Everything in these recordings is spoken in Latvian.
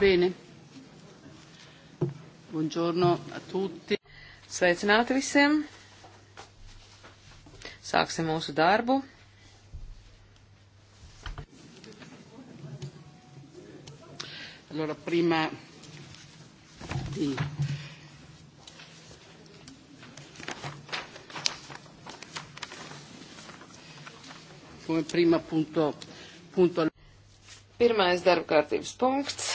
Bene. Buongiorno a tutti. Sveicināti visiem. Sāksim mūsu darbu. Allora, prima di come prima punto, punto... Pirmais darba kārtības punkts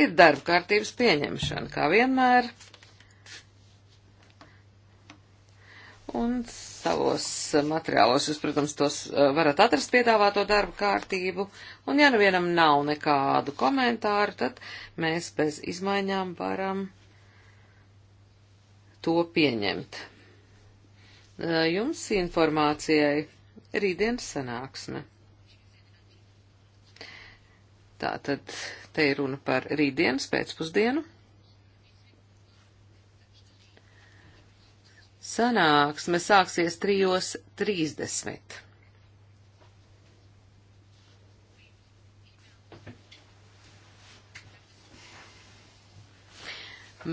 ir darba kārtības pieņemšana, kā vienmēr. Un savos materiālos jūs, protams, tos eh, varat atrast piedāvāto darba kārtību. Un ja nu vienam nav nekādu komentāru, tad mēs bez izmaiņām varam to pieņemt. Eh, jums informācijai rītdienas sanāksme. Tātad Te ir runa par rītdienas pēcpusdienu. Sanāksme sāksies 3.30.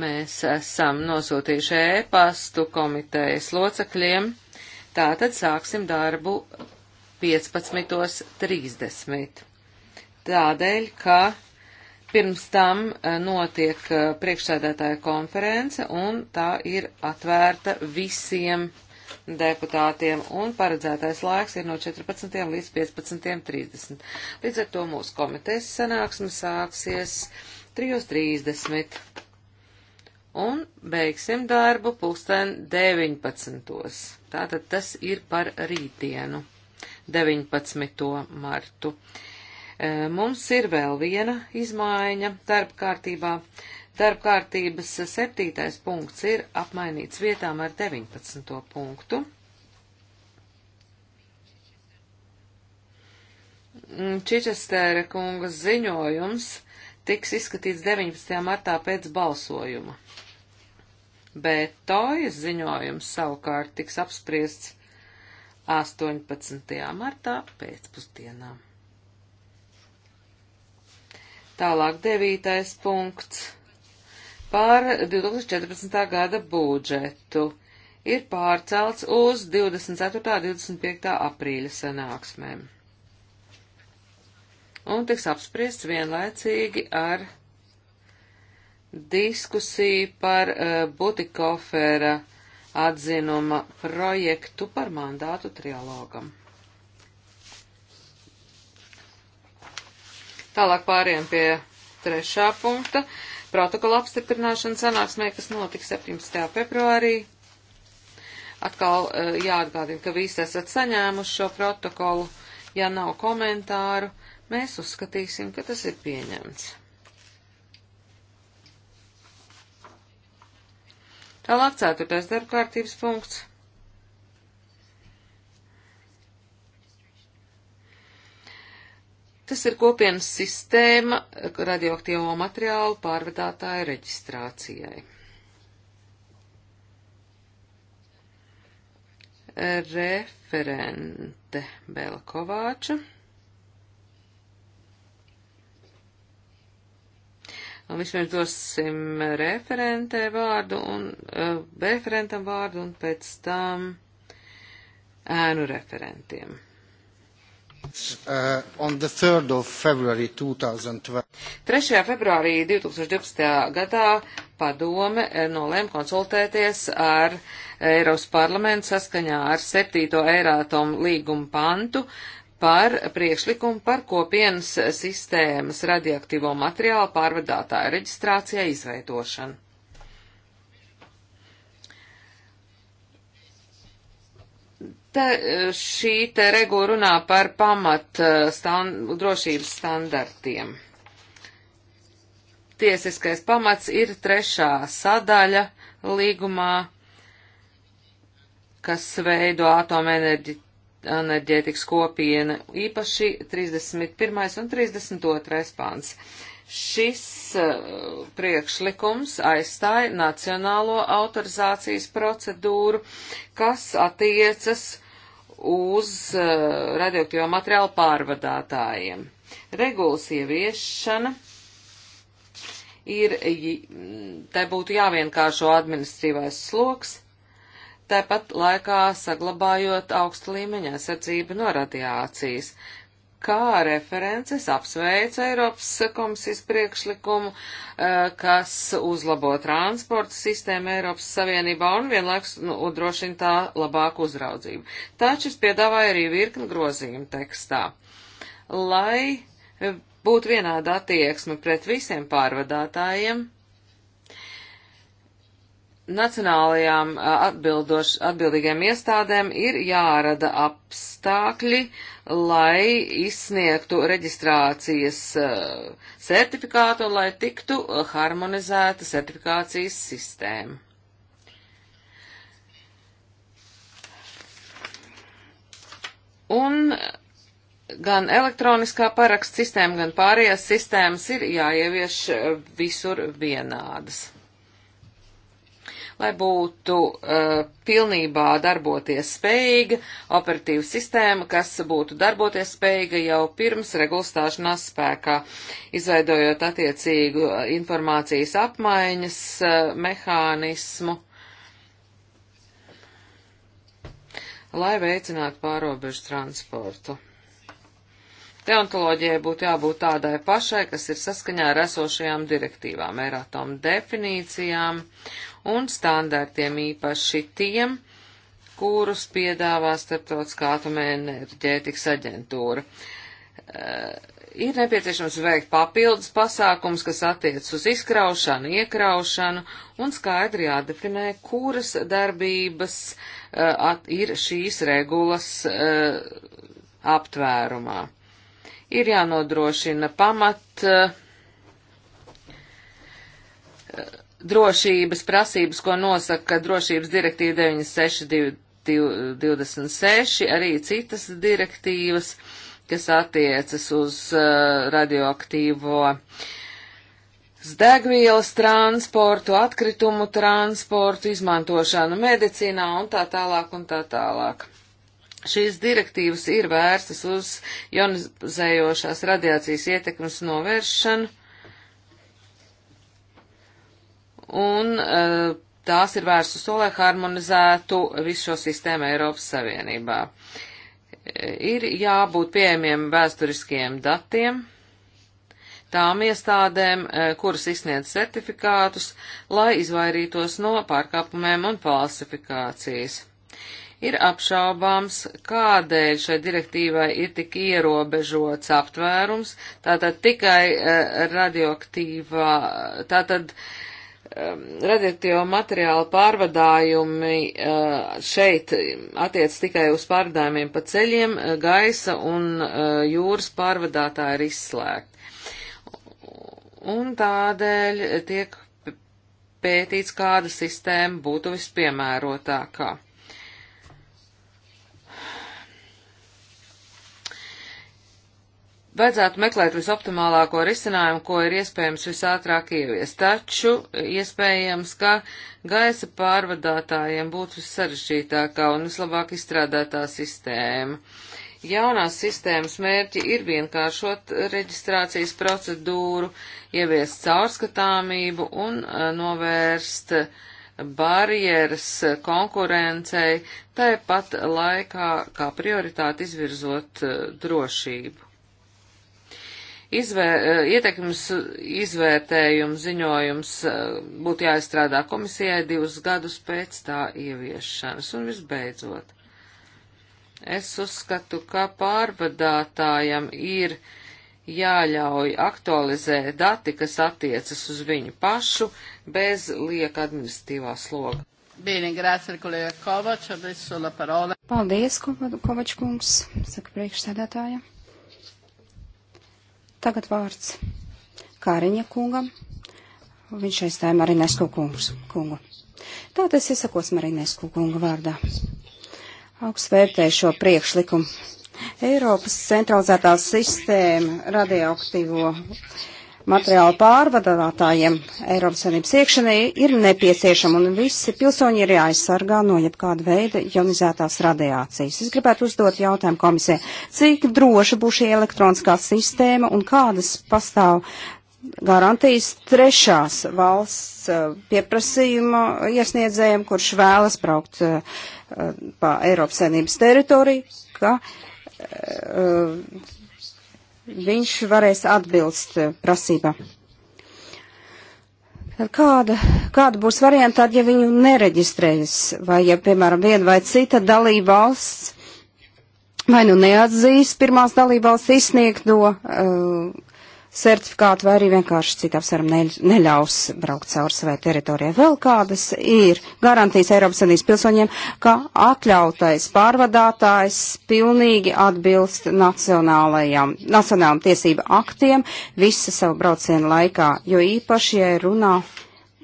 Mēs esam nosūtījuši ēpastu e komitejas locekļiem. Tātad sāksim darbu 15.30. Tādēļ, ka Pirms tam eh, notiek eh, priekšsēdētāja konference, un tā ir atvērta visiem deputātiem, un paredzētais laiks ir no 14. līdz 15.30. Līdz ar to mūsu komitejas sanāksme sāksies 3.30, un beigsim darbu pulksten 19. Tātad tas ir par rītdienu, 19. martu. Mums ir vēl viena izmaiņa darba kārtībā. Darba kārtības septītais punkts ir apmainīts vietām ar 19. punktu. Čičestēra kungas ziņojums tiks izskatīts 19. martā pēc balsojuma, bet tojas ziņojums savukārt tiks apspriests 18. martā pēcpusdienām. Tālāk devītais punkts par 2014. gada budžetu ir pārcelts uz 24. un 25. aprīļa sanāksmēm. Un tiks apspriests vienlaicīgi ar diskusiju par uh, Butikofera atzinuma projektu par mandātu trialogam. Tālāk pāriem pie trešā punkta. Protokola apstiprināšana sanāksmē, kas notiks 17. februārī. Atkal eh, jāatgādina, ka visi esat saņēmuši šo protokolu. Ja nav komentāru, mēs uzskatīsim, ka tas ir pieņemts. Tālāk ceturtais darbkārtības punkts. Tas ir kopienas sistēma radioaktīvo materiālu pārvadātāju reģistrācijai. Referente Bela Kovāča. Un vispirms dosim referentē vārdu un uh, referentam vārdu un pēc tam ēnu referentiem. Uh, 3. februārī 2012. gadā padome eh, nolēma konsultēties ar Eiropas parlamentu saskaņā ar 7. Eirātom līgumu pantu par priekšlikumu par kopienas sistēmas radioaktīvo materiālu pārvadātāju reģistrācijai izveidošanu. Te, šī te regula runā par pamat eh, stand, drošības standartiem. Tiesiskais pamats ir trešā sadaļa līgumā, kas veido atomenerģētikas kopienu, īpaši 31. un 32. pāns. Šis uh, priekšlikums aizstāja nacionālo autorizācijas procedūru, kas attiecas uz eh, radioaktīvo materiālu pārvadātājiem. Regulas ieviešana ir, mm, tai būtu jāvienkāršo administrīvais sloks, tāpat laikā saglabājot augstu līmeņa aizsardzību no radiācijas kā references apsveica Eiropas komisijas priekšlikumu, eh, kas uzlabo transporta sistēmu Eiropas Savienībā un vienlaiks nu, udrošina tā labāku uzraudzību. Taču es piedāvāju arī virkni grozījumu tekstā, lai būtu vienāda attieksme pret visiem pārvadātājiem nacionālajām eh, atbildoš, atbildīgajām iestādēm ir jārada apstākļi, lai izsniegtu reģistrācijas eh, certifikātu un lai tiktu eh, harmonizēta certifikācijas sistēma. Un gan elektroniskā paraksts sistēma, gan pārējās sistēmas ir jāievieš eh, visur vienādas lai būtu uh, pilnībā darboties spējīga operatīva sistēma, kas būtu darboties spējīga jau pirms regulstāšanās spēkā, izveidojot attiecīgu eh, informācijas apmaiņas uh, mehānismu. lai veicinātu pārobežu transportu. Deontoloģijai būtu jābūt tādai pašai, kas ir saskaņā ar esošajām direktīvām, eratom definīcijām un standartiem īpaši tiem, kurus piedāvā Starptautiskā atomenerģētikas aģentūra. Uh, ir nepieciešams veikt papildus pasākums, kas attiec uz izkraušanu, iekraušanu un skaidri jādefinē, kuras darbības uh, at, ir šīs regulas uh, aptvērumā. Ir jānodrošina pamat. Uh, drošības prasības, ko nosaka drošības direktīva 9626, arī citas direktīvas, kas attiecas uz uh, radioaktīvo degvielas transportu, atkritumu transportu, izmantošanu medicinā un tā tālāk un tā tālāk. Šīs direktīvas ir vērstas uz jonizējošās radiācijas ietekmes novēršanu, un eh, tās ir vērstas to, lai harmonizētu visu šo sistēmu Eiropas Savienībā. Ir jābūt pieejamiem vēsturiskiem datiem tām iestādēm, eh, kuras izsniedz certifikātus, lai izvairītos no pārkāpumiem un falsifikācijas. Ir apšaubāms, kādēļ šai direktīvai ir tik ierobežots aptvērums, tātad tikai eh, radioaktīvā, tātad uh, Um, radioaktīvo materiālu pārvadājumi uh, šeit attiec tikai uz pārvadājumiem pa ceļiem, uh, gaisa un uh, jūras pārvadātāji ir izslēgti. Un tādēļ tiek pētīts, kāda sistēma būtu vispiemērotākā. Vajadzētu meklēt visoptimālāko risinājumu, ko ir iespējams visātrāk ieviest, taču iespējams, ka gaisa pārvadātājiem būtu sarežģītākā un vislabāk izstrādātā sistēma. Jaunās sistēmas mērķi ir vienkāršot reģistrācijas procedūru, ieviest caurskatāmību un eh, novērst barjeras konkurencei, tāpat laikā kā prioritāti izvirzot eh, drošību. Izvēr, eh, ietekmes izvērtējums ziņojums eh, būtu jāizstrādā komisijai divus gadus pēc tā ieviešanas. Un visbeidzot, es uzskatu, ka pārvadātājam ir jāļauj aktualizēt dati, kas attiecas uz viņu pašu, bez lieka administratīvā sloga. Bene, grazie, kolēģa Kovač, adesso la parola. Paldies, Kovač kungs, saka priekšsēdētājai. Tagad vārds Kāriņa kungam. Viņš aizstāja Marinesku kungs, kungu. Tātad es iesakos Marinesku kungu vārdā. Augsts vērtēju šo priekšlikumu. Eiropas centralizētā sistēma radioaktīvo materiālu pārvadātājiem Eiropas Savienības iekšienē ir nepieciešama un visi pilsoņi ir jāaizsargā no jebkāda veida jonizētās radiācijas. Es gribētu uzdot jautājumu komisijai, cik droša būs šī elektroniskā sistēma un kādas pastāv garantijas trešās valsts eh, pieprasījuma iesniedzējiem, kurš vēlas braukt eh, pa Eiropas Savienības teritoriju, ka eh, viņš varēs atbilst eh, prasībā. Tad kāda, kāda būs varianta tad, ja viņu nereģistrējas, vai ja, piemēram, viena vai cita dalība valsts vai nu neatzīs pirmās dalība valsts izsniegto uh, certifikātu vai arī vienkārši citu apsvērumu neļaus braukt caur savai teritorijai. Vēl kādas ir garantijas Eiropas Savienības pilsoņiem, ka atļautais pārvadātājs pilnīgi atbilst nacionālajām, nacionālām tiesību aktiem visa savu braucienu laikā, jo īpaši, ja runā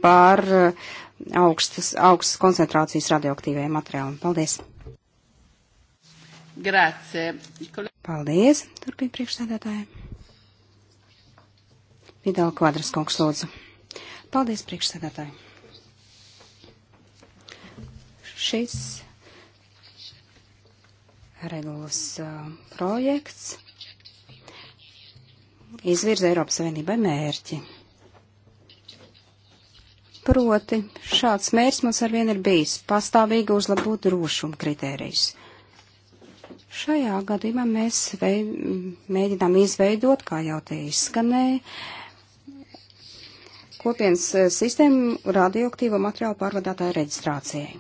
par eh, augstas, augstas koncentrācijas radioaktīvajiem materiāliem. Paldies! Grācie. Paldies, turpina priekšsēdētāji. Vidāla kvadras kungs lūdzu. Paldies, priekšsēdētāji. Šis regulas uh, projekts izvirza Eiropas Savienībai mērķi. Proti, šāds mērķis mums arvien ir bijis - pastāvīgi uzlabot drošuma kritērijus. Šajā gadījumā mēs veid, mēģinām izveidot, kā jau te izskanēja, kopienas eh, sistēmu radioaktīvo materiālu pārvadātāju reģistrācijai.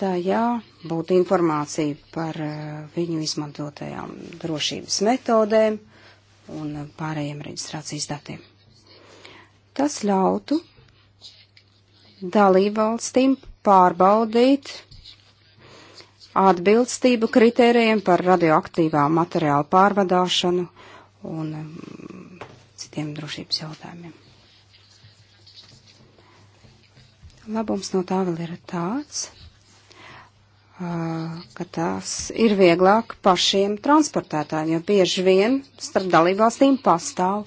Tā jā, būtu informācija par eh, viņu izmantotajām drošības metodēm un pārējiem reģistrācijas datiem. Tas ļautu dalībvalstīm pārbaudīt atbilstību kritērijiem par radioaktīvā materiāla pārvadāšanu un mm, citiem drošības jautājumiem. Labums no tā vēl ir tāds, ka tās ir vieglāk pašiem transportētājiem, jo bieži vien starp dalībvalstīm pastāv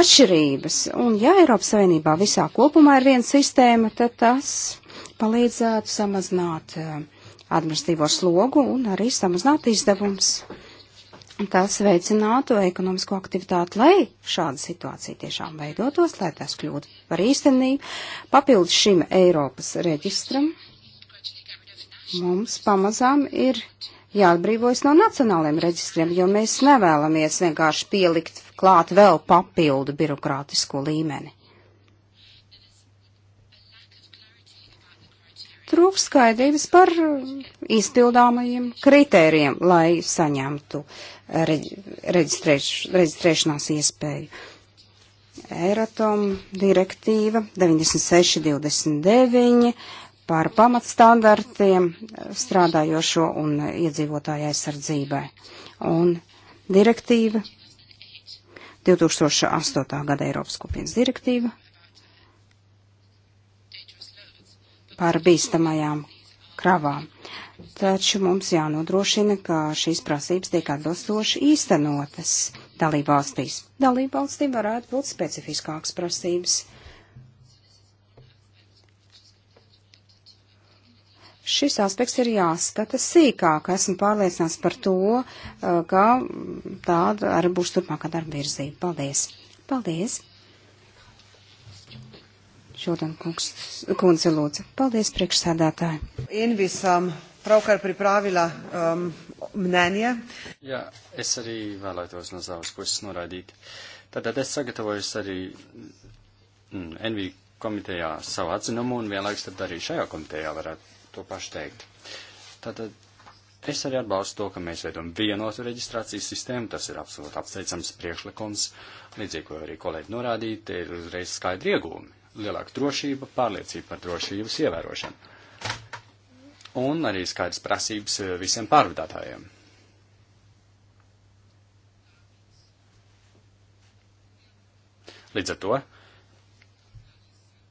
atšķirības. Un ja Eiropas Savienībā visā kopumā ir viena sistēma, tad tas palīdzētu samazināt administratīvo slogu un arī samazināt izdevums tas veicinātu ekonomisko aktivitāti, lai šāda situācija tiešām veidotos, lai tas kļūtu par īstenību. Papildus šim Eiropas reģistram mums pamazām ir jāatbrīvojas no nacionāliem reģistriem, jo mēs nevēlamies vienkārši pielikt klāt vēl papildu birokrātisko līmeni. trūkst skaidrības par uh, izpildāmajiem kritērijiem, lai saņemtu uh, reģistrēš, reģistrēšanās iespēju. Eiratom direktīva 9629 par pamatstandartiem uh, strādājošo un iedzīvotāju aizsardzībai. Un direktīva 2008. gada Eiropas kopienas direktīva par bīstamajām kravām. Taču mums jānodrošina, ka šīs prasības tiek atbilstoši īstenotas dalībvalstīs. Dalībvalstīm varētu būt specifiskāks prasības. Šis aspekts ir jāskata sīkāk. Esmu pārliecināts par to, eh, ka tāda arī būs turpmākā darba virzība. Paldies! Paldies! Šodien kundze lūdzu. Paldies priekšsēdētāji. Invisam pravkar pripravila um, mnenje. Jā, es arī vēlētos no savas puses noraidīt. Tātad es sagatavojos arī mm, NV komitejā savu atzinumu un vienlaiks tad arī šajā komitejā varētu to pašu teikt. Tātad Es arī atbalstu to, ka mēs veidojam vienotu reģistrācijas sistēmu, tas ir absolūti apsveicams priekšlikums, līdzīgi, ko arī kolēģi norādīja, te ir uzreiz skaidri iegūmi lielāka drošība, pārliecība par drošības ievērošanu. Un arī skaidrs prasības eh, visiem pārvadātājiem. Līdz ar to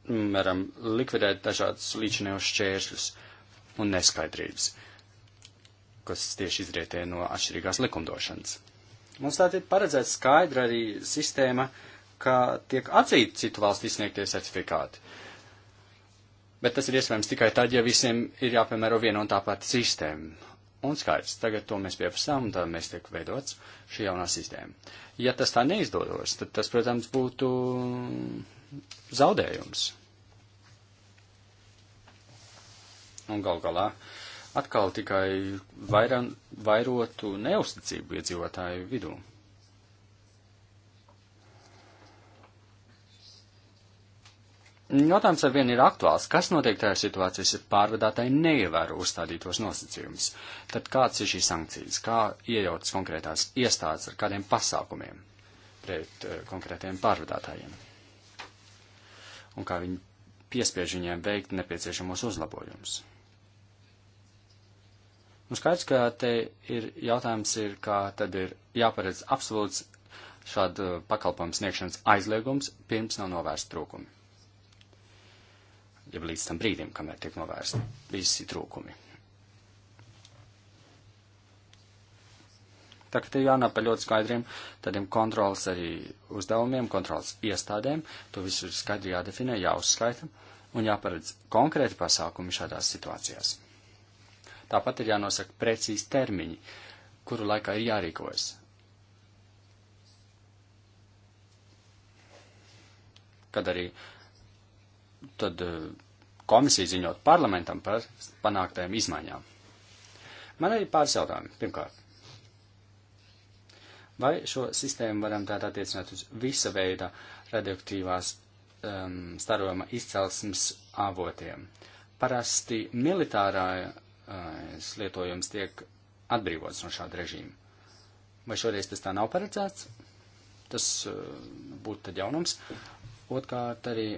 mm, varam likvidēt dažādus līdzinējos šķēršļus un neskaidrības, kas tieši izrietē no atšķirīgās likumdošanas. Mums tātad ir paredzēta skaidra arī sistēma uh, ka tiek atzīti citu valstu izsniegtie certifikāti. Bet tas ir iespējams tikai tad, ja visiem ir jāpiemēro viena un tā pati sistēma. Un skaidrs, tagad to mēs pieprasām, un tā mēs tiek veidots šī jaunā sistēma. Ja tas tā neizdodos, tad tas, protams, būtu zaudējums. Un gal galā atkal tikai vairan, vairotu neusticību iedzīvotāju vidū. Jautājums ar vienu ir aktuāls. Kas notiek tajā situācijā, ja pārvadātāji neievēro uzstādītos nosacījumus? Tad kāds ir šīs sankcijas? Kā iejautas konkrētās iestādes ar kādiem pasākumiem pret uh, eh, konkrētiem pārvadātājiem? Un kā viņi piespiež viņiem veikt nepieciešamos uzlabojumus? Nu, skaidrs, ka te ir jautājums, ir, kā tad ir jāparedz absolūts šādu eh, pakalpojumu sniegšanas aizliegums, pirms nav novērst trūkumi jau līdz tam brīdim, kamēr tiek novērsti visi trūkumi. Tā kā te jānāk par ļoti skaidriem tādiem kontrols arī uzdevumiem, kontrols iestādēm, to visu ir skaidri jādefinē, jāuzskaita un jāparedz konkrēti pasākumi šādās situācijās. Tāpat ir jānosaka precīzi termiņi, kuru laikā ir jārīkojas. Kad arī uh, tad eh, komisija ziņot parlamentam par panāktajām izmaiņām. Man arī pāris jautājumi. Pirmkārt, vai šo sistēmu varam tādā attiecināt uz visa veida radioaktīvās um, starojuma izcelsmes avotiem? Parasti militārā uh, lietojums tiek atbrīvots no šāda režīma. Vai šoreiz tas tā nav paredzēts? Tas uh, būtu tad jaunums. Otkārt arī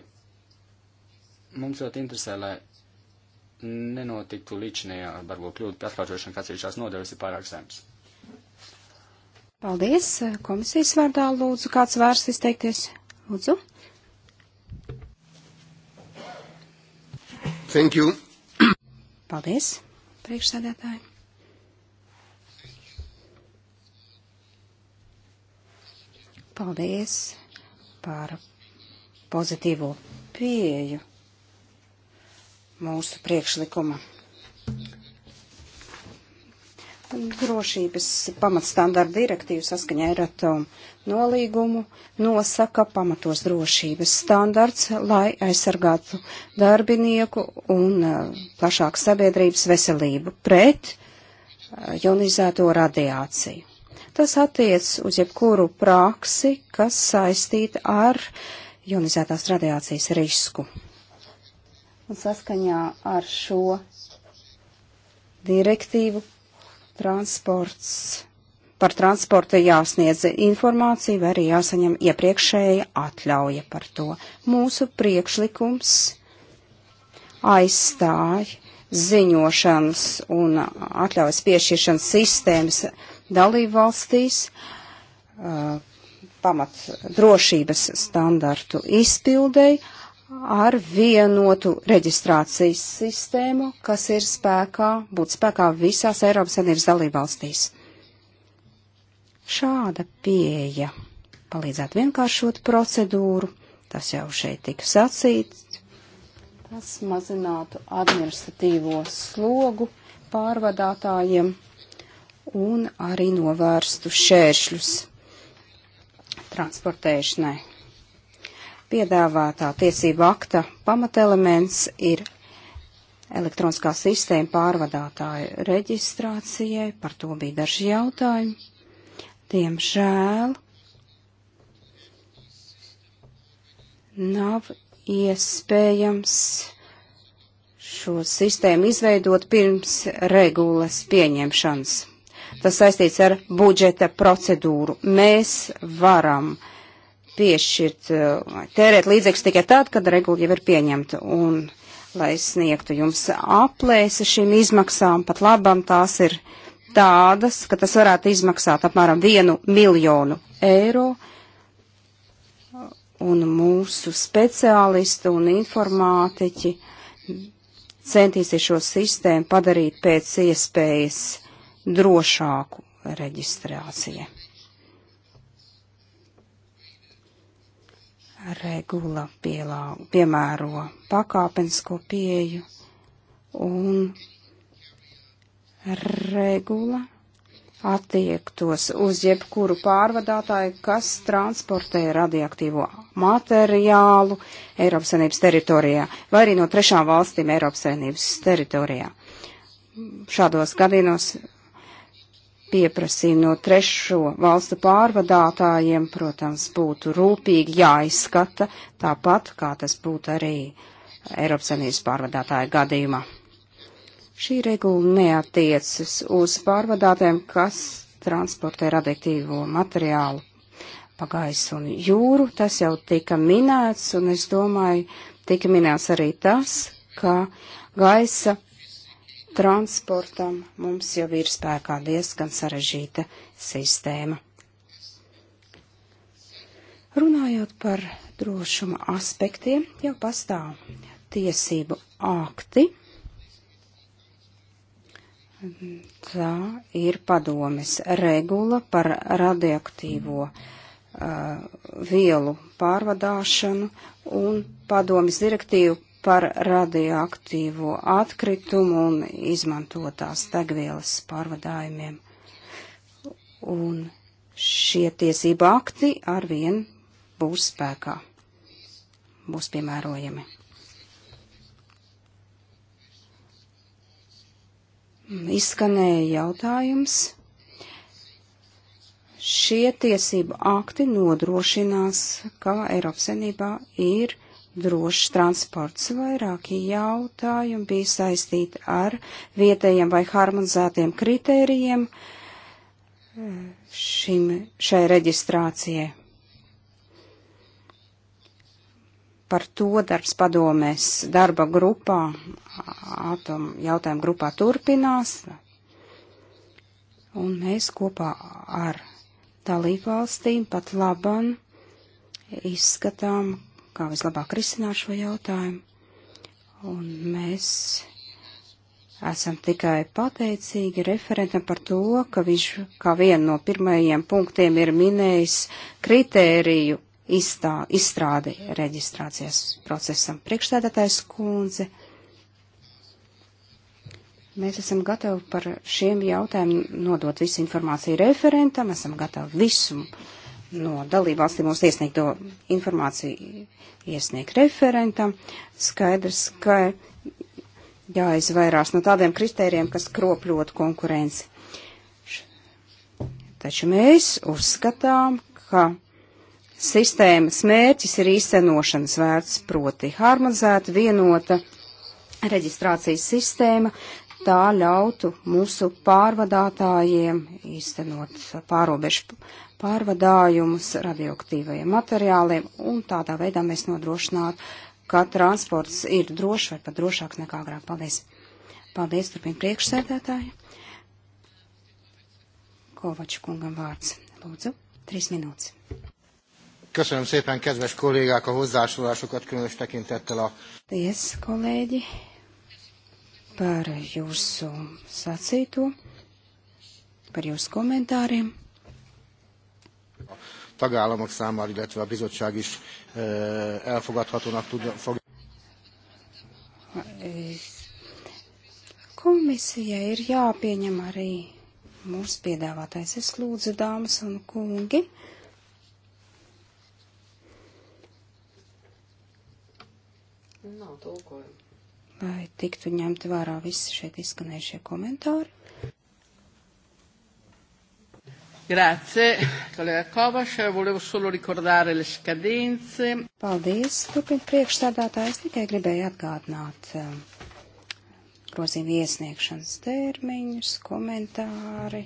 Mums ļoti interesē, lai nenotiktu līdšanējā, varbūt kļūda pie atklāšana, kāds ir šās nodevis ir pārāk zems. Paldies. Komisijas vārdā lūdzu, kāds vērs izteikties? Lūdzu. Thank you. Paldies, priekšsēdētāji. Paldies par pozitīvo pieeju mūsu priekšlikuma. Drošības pamatstandarta direktīva saskaņā ar atomu nolīgumu nosaka pamatos drošības standarts, lai aizsargātu darbinieku un uh, plašāk sabiedrības veselību pret jonizēto uh, radiāciju. Tas attiec uz jebkuru praksi, kas saistīta ar jonizētās radiācijas risku. Un saskaņā ar šo direktīvu transports, par transportu jāsniedz informācija vai arī jāsaņem iepriekšēja atļauja par to. Mūsu priekšlikums aizstāja ziņošanas un atļaujas piešķiršanas sistēmas dalību valstīs, uh, pamat drošības standartu izpildēji, ar vienotu reģistrācijas sistēmu, kas ir spēkā, būtu spēkā visās Eiropas Savienības dalībvalstīs. Šāda pieeja palīdzētu vienkāršot procedūru, tas jau šeit tika sacīts, tas mazinātu administratīvo slogu pārvadātājiem un arī novērstu šēršļus transportēšanai. Piedāvātā tiesība akta pamatelements ir elektroniskā sistēma pārvadātāju reģistrācijai, par to bija daži jautājumi. Diemžēl nav iespējams šo sistēmu izveidot pirms regulas pieņemšanas. Tas saistīts ar budžeta procedūru. Mēs varam uh, piešķirt, eh, tērēt līdzekļus tikai tad, kad regula jau ir pieņemta. Un, lai sniegtu jums aplēsi šīm izmaksām, pat labam tās ir tādas, ka tas varētu izmaksāt apmēram vienu miljonu eiro. Un mūsu speciālisti un informātiķi centīsies šo sistēmu padarīt pēc iespējas drošāku reģistrācijai. regula pielā, piemēro pakāpenisko pieju un regula attiektos uz jebkuru pārvadātāju, kas transportē radioaktīvo materiālu Eiropas Savienības teritorijā vai arī no trešām valstīm Eiropas Savienības teritorijā. Šādos gadījumos pieprasīja no trešo valstu pārvadātājiem, protams, būtu rūpīgi jāizskata, tāpat kā tas būtu arī Eiropas Savienības pārvadātāja gadījumā. Šī regula neatiecas uz pārvadātājiem, kas transportē radioaktīvo materiālu pa gaisu un jūru. Tas jau tika minēts, un es domāju, tika minēts arī tas, ka gaisa transportam mums jau ir spēkā diezgan sarežģīta sistēma. Runājot par drošuma aspektiem, jau pastāv tiesību akti. Tā ir padomes regula par radioaktīvo uh, vielu pārvadāšanu un padomes direktīvu par radioaktīvo atkritumu un izmantotās degvielas pārvadājumiem. Un šie tiesība akti arvien būs spēkā, būs piemērojami. Izskanēja jautājums. Šie tiesību akti nodrošinās, ka Eiropas senībā ir drošs transports. Vairāki jautājumi bija saistīti ar vietējiem vai harmonizētiem kritērijiem eh, šim, šai reģistrācijai. Par to darbs padomēs darba grupā, atom jautājumu grupā turpinās, un mēs kopā ar dalībvalstīm pat laban izskatām, kā vislabāk risināt šo jautājumu. Un mēs esam tikai pateicīgi referentam par to, ka viņš kā vienu no pirmajiem punktiem ir minējis kritēriju izstā, izstrādi reģistrācijas procesam. Priekšstādātais kundze. Mēs esam gatavi par šiem jautājumiem nodot visu informāciju referentam, esam gatavi visumu no dalībvalstīm mums iesniegto informāciju iesniegt referentam. Skaidrs, ka jāizvairās no tādiem kritērijiem, kas kropļot konkurenci. Taču mēs uzskatām, ka sistēmas mērķis ir īstenošanas vērts, proti harmonizēta, vienota reģistrācijas sistēma, tā ļautu mūsu pārvadātājiem īstenot pārobežu pārvadājumus radioaktīvajiem materiāliem, un tādā veidā mēs nodrošinātu, ka transports ir drošs vai pat drošāks nekā agrāk. Paldies! Paldies, turpina priekšsēdētāji. Kovaču kungam vārds. Lūdzu, trīs minūtes. Köszönöm szépen, kedves kollégák, a hozzásolásokat különös tekintettel a... Paldies, kolēģi, par jūsu sacīto, par jūsu komentāriem tagállamok számára, illetve a bizottság is elfogadhatónak tudja, fogja. Komisija ir jāpieņem arī mūsu piedāvātais. Es lūdzu, dāmas un kungi, Nav tulkojuma. Lai tiktu ņemti vērā visi šeit izskanējušie komentāri. Grazie, kolēģa Kovaš. Volevo solo ricordare le scadenze. Paldies, turpin priekšstādātājs. Tikai gribēju atgādināt eh, grozījumu iesniegšanas termiņus, komentāri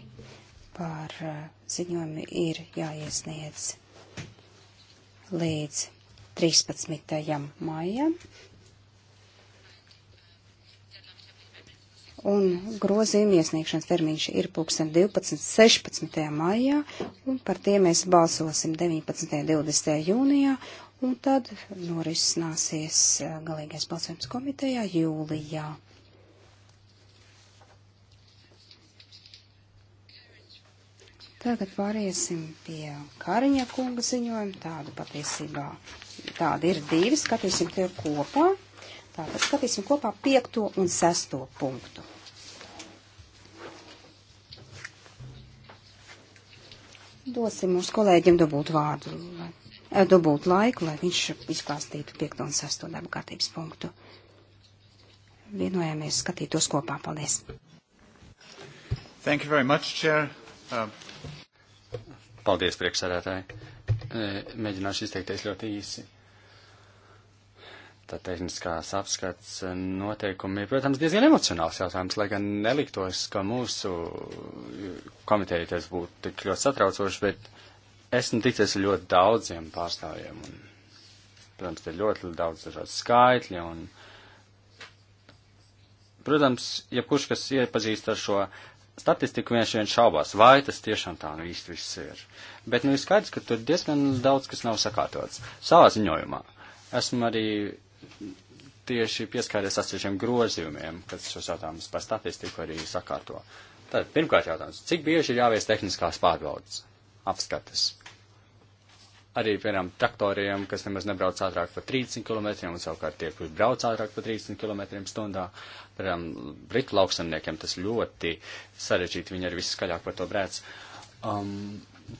par eh, ziņojumu ir jāiesniedz līdz 13. maijam un grozījuma iesniegšanas termiņš ir 2012.16. maijā, un par tiem mēs balsosim 19.20. jūnijā, un tad norisināsies eh, galīgais balsojums komitejā jūlijā. Tagad pāriesim pie Kariņa kunga ziņojuma, tāda patiesībā, tāda ir divi, skatīsim tie kopā. Tātad skatīsim kopā piekto un sesto punktu. Dosim mūsu kolēģiem dabūt vārdu, lai, eh, dabūt laiku, lai viņš izklāstītu 5 un 6 darba kārtības punktu. Vienojāmies skatīt tos kopā. Paldies! Thank you very much, Chair. Um... Paldies, priekšsēdētāji. Eh, mēģināšu izteikties ļoti īsi tā tehniskās apskats noteikumi ir, protams, diezgan emocionāls jautājums, lai gan neliktos, ka mūsu komiteja tas būtu tik ļoti satraucoši, bet esmu nu ticies ļoti daudziem pārstāvjiem. Un, protams, ir ļoti daudz dažādu skaitļu un, protams, jebkurš, kas iepazīst ar šo statistiku, viens vien šaubās, vai tas tiešām tā nu īsti viss ir. Bet, nu, ir skaidrs, ka tur diezgan daudz, kas nav sakārtots savā ziņojumā. Esmu arī tieši pieskaries atsevišķiem grozījumiem, kas šos jautājumus par statistiku arī sakārto. Tad pirmkārt jautājums, cik bieži ir jāvies tehniskās pārbaudas, apskates? Arī, piemēram, traktoriem, kas nemaz nebrauc ātrāk par 30 km, un savukārt tie, kurš brauc ātrāk par 30 km stundā, piemēram, britu lauksaimniekiem tas ļoti sarežģīti, viņi arī viss skaļāk par to brēc. Um,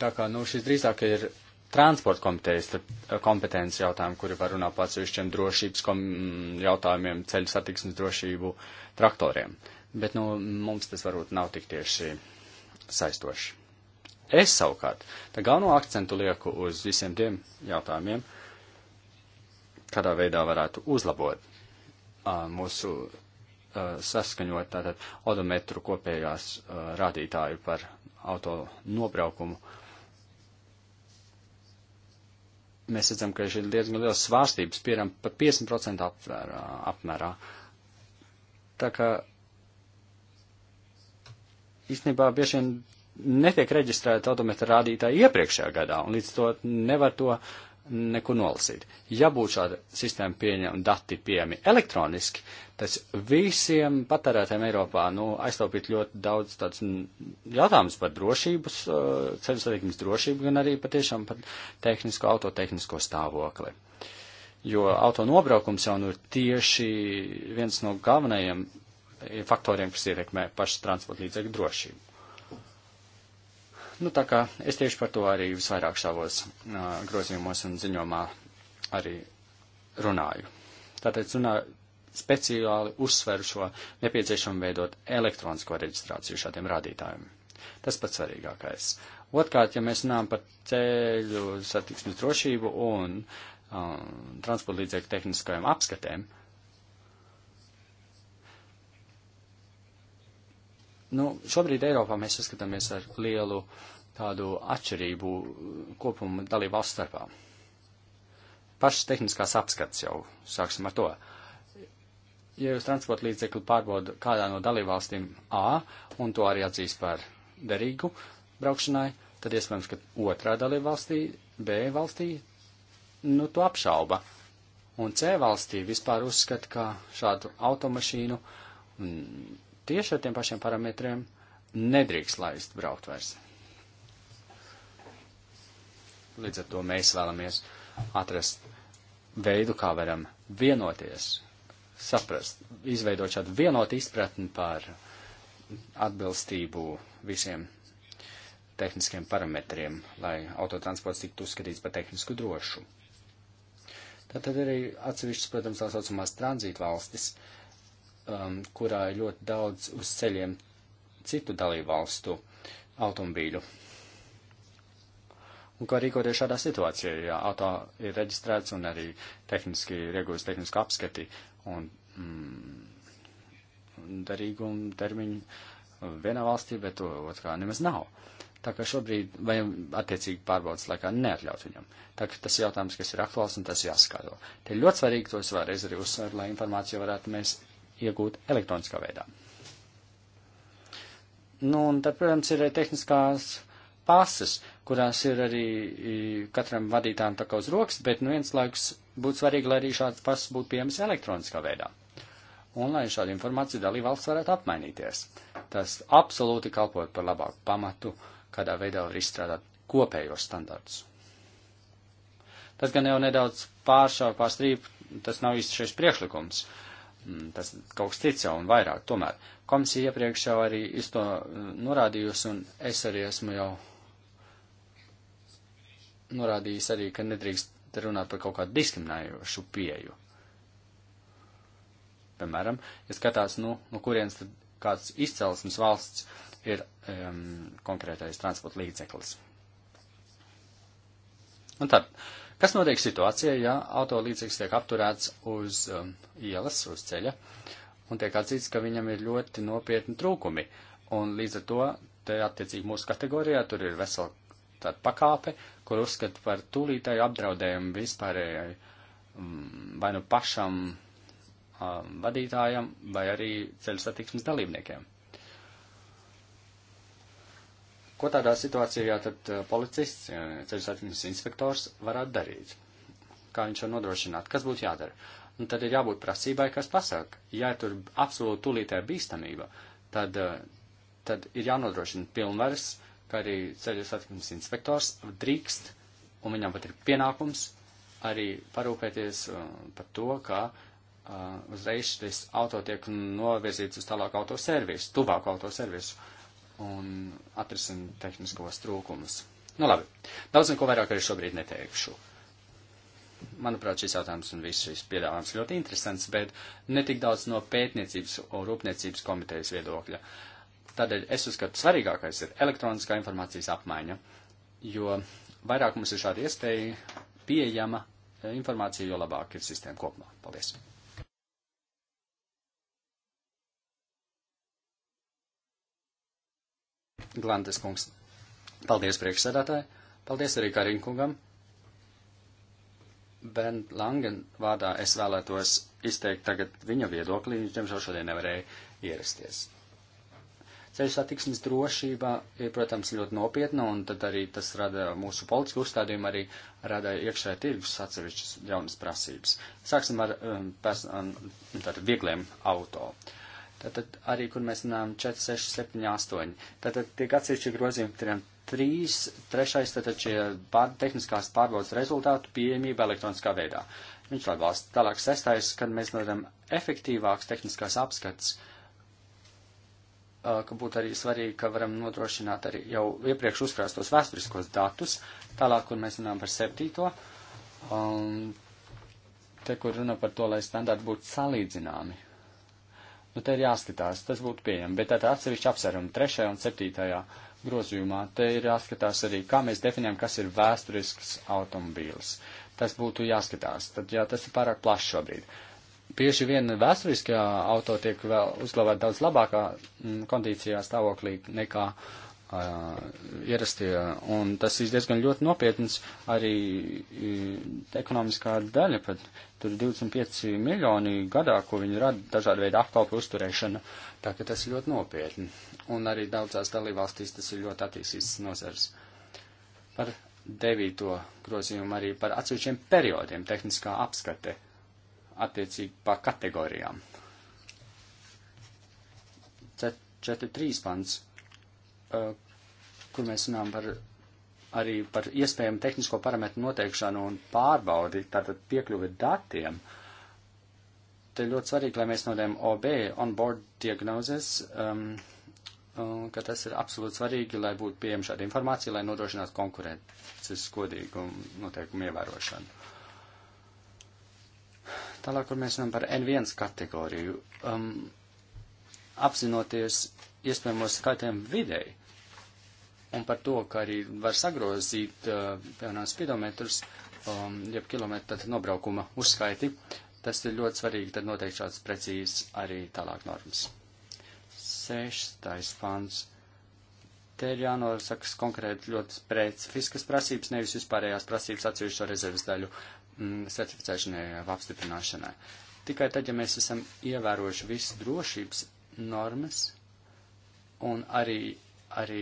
tā kā, nu, šis drīzāk ir transporta komitejas kompetences jautājumu, kuri var runāt par atsevišķiem drošības mm, jautājumiem, ceļu satiksmes drošību traktoriem. Bet nu, mums tas varbūt nav tik tieši saistoši. Es savukārt tā galveno akcentu lieku uz visiem tiem jautājumiem, kādā veidā varētu uzlabot uh, mūsu uh, saskaņot tātad odometru kopējās uh, rādītāju par auto nobraukumu uh, mēs redzam, ka ir diezgan liels svārstības, piemēram, par 50% apvērā, apmērā. Tā kā īstenībā bieži vien netiek reģistrēta odometra rādītāja iepriekšējā gadā, un līdz to nevar to neko nolasīt. Ja būtu šāda sistēma pieņemta un dati pieejami elektroniski, tas visiem patērētājiem Eiropā nu, aiztaupītu ļoti daudz tāds jautājums par drošības, uh, ceļu satiksmes drošību, gan arī patiešām par tehnisko, autotehnisko stāvokli. Jo auto nobraukums jau nu ir tieši viens no galvenajiem faktoriem, kas ietekmē pašu transporta līdzekļu drošību. Nu, tā kā es tieši par to arī visvairāk savos uh, grozījumos un ziņomā arī runāju. Tātad runāju speciāli uzsveru šo nepieciešamu veidot elektronisko reģistrāciju šādiem rādītājiem. Tas pats svarīgākais. Otkārt, ja mēs runājam par ceļu satiksmes drošību un um, transporta līdzekļu tehniskajām apskatēm, uh, Nu, šobrīd Eiropā mēs saskatāmies ar lielu tādu atšķirību kopumu dalību valsts starpā. Pašas tehniskās apskats jau, sāksim ar to. Ja jūs transporta līdzekli pārbaudu kādā no dalībvalstīm A, un to arī atzīst par derīgu braukšanai, tad iespējams, ka otrā dalībvalstī, B valstī, nu, to apšauba. Un C valstī vispār uzskata, ka šādu automašīnu tieši ar tiem pašiem parametriem nedrīkst laist braukt vairs. Līdz ar to mēs vēlamies atrast veidu, kā varam vienoties, saprast, izveidot šādu vienotu izpratni par atbilstību visiem tehniskiem parametriem, lai autotransports tiktu uzskatīts par tehnisku drošu. Tad, tad arī atsevišķas, protams, tā saucamās tranzītvalstis, uh, um, kurā ir ļoti daudz uz ceļiem citu dalībvalstu automobīļu. Un kā rīkoties šādā situācijā, ja auto ir reģistrēts un arī tehniski ir iegūst tehnisku apskati un mm, derīgumu termiņu vienā valstī, bet to otrā nemaz nav. Tā kā šobrīd, vai attiecīgi pārbaudas laikā neatļaut viņam. Tā kā tas jautājums, kas ir aktuāls un tas jāskatro. Te ļoti svarīgi to es vēlreiz arī uzsveru, lai informāciju varētu mēs iegūt elektroniskā veidā. Nu, un tad, protams, ir tehniskās pases, kurās ir arī katram vadītājam tā kā uz rokas, bet nu viens laiks būtu svarīgi, lai arī šāds pases būtu pieejams elektroniskā veidā. Un lai šāda informācija dalībvalsts varētu apmainīties. Tas absolūti kalpot par labāku pamatu, kādā veidā var izstrādāt kopējos standartus. Tas gan jau nedaudz pāršāva pārstrīp, tas nav īsti šis priekšlikums. Uh, Mm, tas kaut kas cits jau un vairāk. Tomēr komisija iepriekš jau arī iz to mm, norādījusi, un es arī esmu jau norādījis arī, ka nedrīkst runāt par kaut kādu diskriminējošu pieju. Piemēram, ja skatās, nu, no kurienes tad kāds izcelsmes valsts ir um, konkrētais transporta līdzeklis. Un tad Kas notiek situācijā, ja autolīdzīgs tiek apturēts uz um, ielas, uz ceļa, un tiek atzīts, ka viņam ir ļoti nopietni trūkumi? Un līdz ar to, te attiecīgi mūsu kategorijā, tur ir vesela tāda pakāpe, kur uzskat par tūlītēju apdraudējumu vispārējai um, vai nu pašam um, vadītājam, vai arī ceļu satiksmes dalībniekiem. Ko tādā situācijā tad eh, policists, ceļu satiksmes inspektors varētu darīt? Kā viņš var nodrošināt? Kas būtu jādara? Un nu, tad ir jābūt prasībai, kas pasaka. Ja tur absolūti tulītē bīstamība, tad, eh, tad ir jānodrošina pilnvaras, ka arī ceļu satiksmes inspektors drīkst, un viņam pat ir pienākums arī parūpēties eh, par to, ka uzreiz šis auto tiek novirzīts uz tālāku autoservisu, tuvāku autoservisu. Uh, un atrisina tehniskos trūkumus. Nu labi, daudz neko vairāk arī šobrīd neteikšu. Manuprāt, šis jautājums un viss šis piedāvājums ļoti interesants, bet netik daudz no pētniecības un rūpniecības komitejas viedokļa. Tādēļ es uzskatu, svarīgākais ir elektroniskā informācijas apmaiņa, jo vairāk mums ir šāda iespēja pieejama eh, informācija, jo labāk ir sistēma kopumā. Paldies! Glantes kungs. Paldies priekšsēdētāji. Paldies arī Karinkungam. Ben Langen vārdā es vēlētos izteikt tagad viņa viedokli, viņš diemžēl šodien nevarēja ierasties. Ceļu satiksmes drošība ir, protams, ļoti nopietna, un tad arī tas rada mūsu politisku uzstādījumu, arī rada iekšējā tirgus atsevišķas jaunas prasības. Sāksim ar um, pers, um, viegliem auto. Uh, Tātad arī, kur mēs runājam 4, 6, 7, 8. Tātad tiek atsevišķi grozījumi, kuriem 3, 3, tātad šie pār, tehniskās pārbaudas rezultātu pieejamība elektroniskā veidā. Viņš atbalsta. Tālāk sestais, kad mēs nodam efektīvāks tehniskās apskats, ka būtu arī svarīgi, ka varam nodrošināt arī jau iepriekš uzkrāstos vēsturiskos datus. Tālāk, kur mēs runājam par septīto, um, te, kur runa par to, lai standarti būtu salīdzināmi Nu, te ir jāskatās, tas būtu pieejami, bet tāda atsevišķa apsvēruma trešajā un septītajā grozījumā, te ir jāskatās arī, kā mēs definējam, kas ir vēsturisks automobīls. Tas būtu jāskatās, tad jā, tas ir pārāk plašs šobrīd. Bieži vien vēsturiskā auto tiek vēl uzglabāt daudz labākā m, mm, kondīcijā stāvoklī nekā uh, uh, ierastie, un tas ir diezgan ļoti nopietns arī ekonomiskā daļa, pat tur 25 miljoni gadā, ko viņi rada dažādu veidu apkalpu uzturēšana, tā ka tas ir ļoti nopietni, un arī daudzās dalībvalstīs tas ir ļoti attīstīts nozars. Par devīto grozījumu arī par atsevišķiem periodiem tehniskā apskate attiecīgi pa kategorijām. 4.3. pants kur mēs runājam par arī par iespējamu tehnisko parametru noteikšanu un pārbaudi, tātad piekļuvi datiem. Te ļoti svarīgi, lai mēs nodēm OB, on-board diagnozes, um, um, ka tas ir absolūti svarīgi, lai būtu pieejama šāda informācija, lai nodrošinātu konkurences godīgu noteikumu ievērošanu. Tālāk, kur mēs runājam par N1 kategoriju, um, apzinoties iespējamos skaitiem videi, un par to, ka arī var sagrozīt, eh, piemēram, spidometrus, um, jeb kilometru tad nobraukuma uzskaiti. Tas ir ļoti svarīgi, tad noteikti šāds precīzs arī tālāk normas. Seštais pants. Te ir jānosakas konkrēti ļoti specifiskas prasības, nevis vispārējās prasības atsevišķo rezerves daļu mm, certificēšanai vai apstiprināšanai. Tikai tad, ja mēs esam ievērojuši visas drošības normas un arī, arī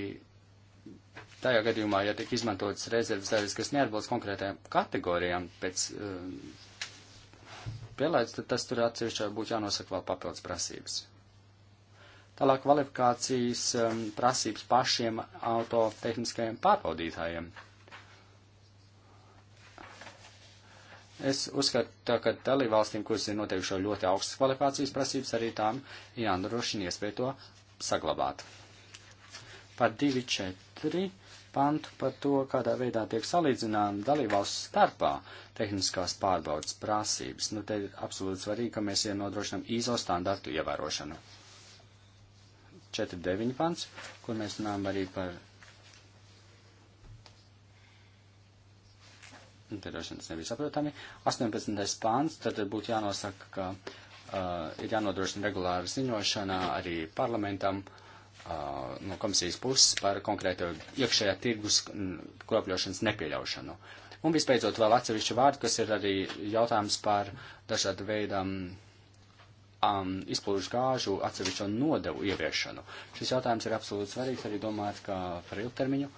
tajā gadījumā, ja tiek izmantotas rezerves daļas, kas neatbilst konkrētajām kategorijām pēc eh, pielaids, tad tas tur atsevišķi būtu jānosaka vēl papildus prasības. Tālāk kvalifikācijas um, prasības pašiem autotehniskajiem pārbaudītājiem. Es uzskatu, tā, ka dalībvalstīm, kuras ir noteikušo ļoti augstas kvalifikācijas prasības, arī tām jānodrošina iespēja to saglabāt par 2.4 pantu par to, kādā veidā tiek salīdzināma dalībvalsts starpā tehniskās pārbaudas prasības. Nu, te ir absolūti svarīgi, ka mēs ienodrošinām ISO standartu ievērošanu. 4.9 pants, kur mēs runājam arī par. Te droši vien tas nebija saprotami. 18. pāns, tad būtu jānosaka, ka uh, ir jānodrošina regulāra ziņošana arī parlamentam uh, no komisijas puses par konkrēto iekšējā tirgus kropļošanas nepieļaušanu. Un vispēcot vēl atsevišķu vārdu, kas ir arī jautājums par dažādu veidu um, izplūžu gāžu atsevišķo nodevu ieviešanu. Šis jautājums ir absolūti svarīgs arī domāt kā par ilgtermiņu.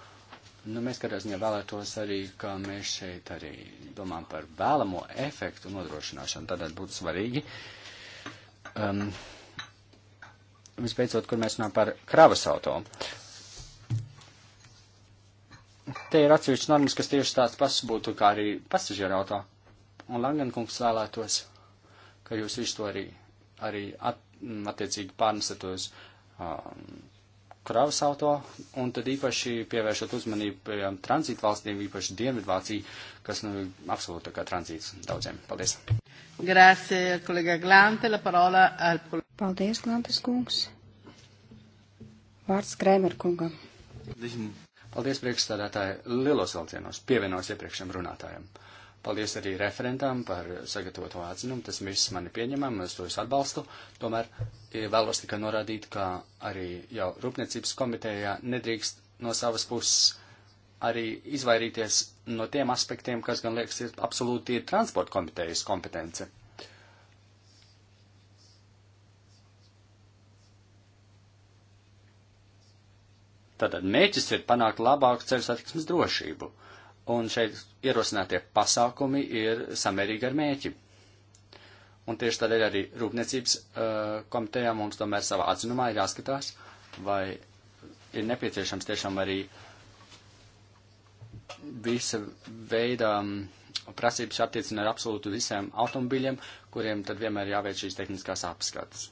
Nu, mēs katrā ziņā vēlētos arī, ka mēs šeit arī domājam par vēlamo efektu nodrošināšanu. Tādēļ būtu svarīgi. Um, visbeidzot, kur mēs runājam par kravas auto. Te ir atsevišķas normas, kas tieši tāds pats būtu kā arī pasažieru auto. Un Langenkungs vēlētos, ka jūs visu to arī, arī at, mm, attiecīgi pārnesat uz um, kravas auto, un tad īpaši pievēršot uzmanību piemēram, tranzītu valstīm, īpaši Dienvidvācija, kas nu, absolūti kā tranzīts daudziem. Paldies. Grazie, kolega Glante, la parola al Paldies, Glantas kungs. Vārds Krēmer kungam. Paldies, priekšstādātāji. Lielos vilcienos pievienos iepriekšējiem runātājiem. Paldies arī referentām par sagatavoto atzinumu. Tas viss man ir pieņemams, es to es atbalstu. Tomēr vēlos tikai norādīt, ka arī jau Rūpniecības komitejā nedrīkst no savas puses arī izvairīties no tiem aspektiem, kas gan liekas ir absolūti ir transporta komitejas kompetence. Tātad mēģis ir panākt labāku ceļu satiksmes drošību, un šeit ierosinātie pasākumi ir samērīgi ar mēķi. Un tieši tādēļ arī Rūpniecības uh, komitejā mums tomēr savā atzinumā ir jāskatās, vai ir nepieciešams tiešām arī visa veida um, prasības attiecina ar absolūtu visiem automobiļiem, kuriem tad vienmēr jāveic šīs tehniskās apskatas.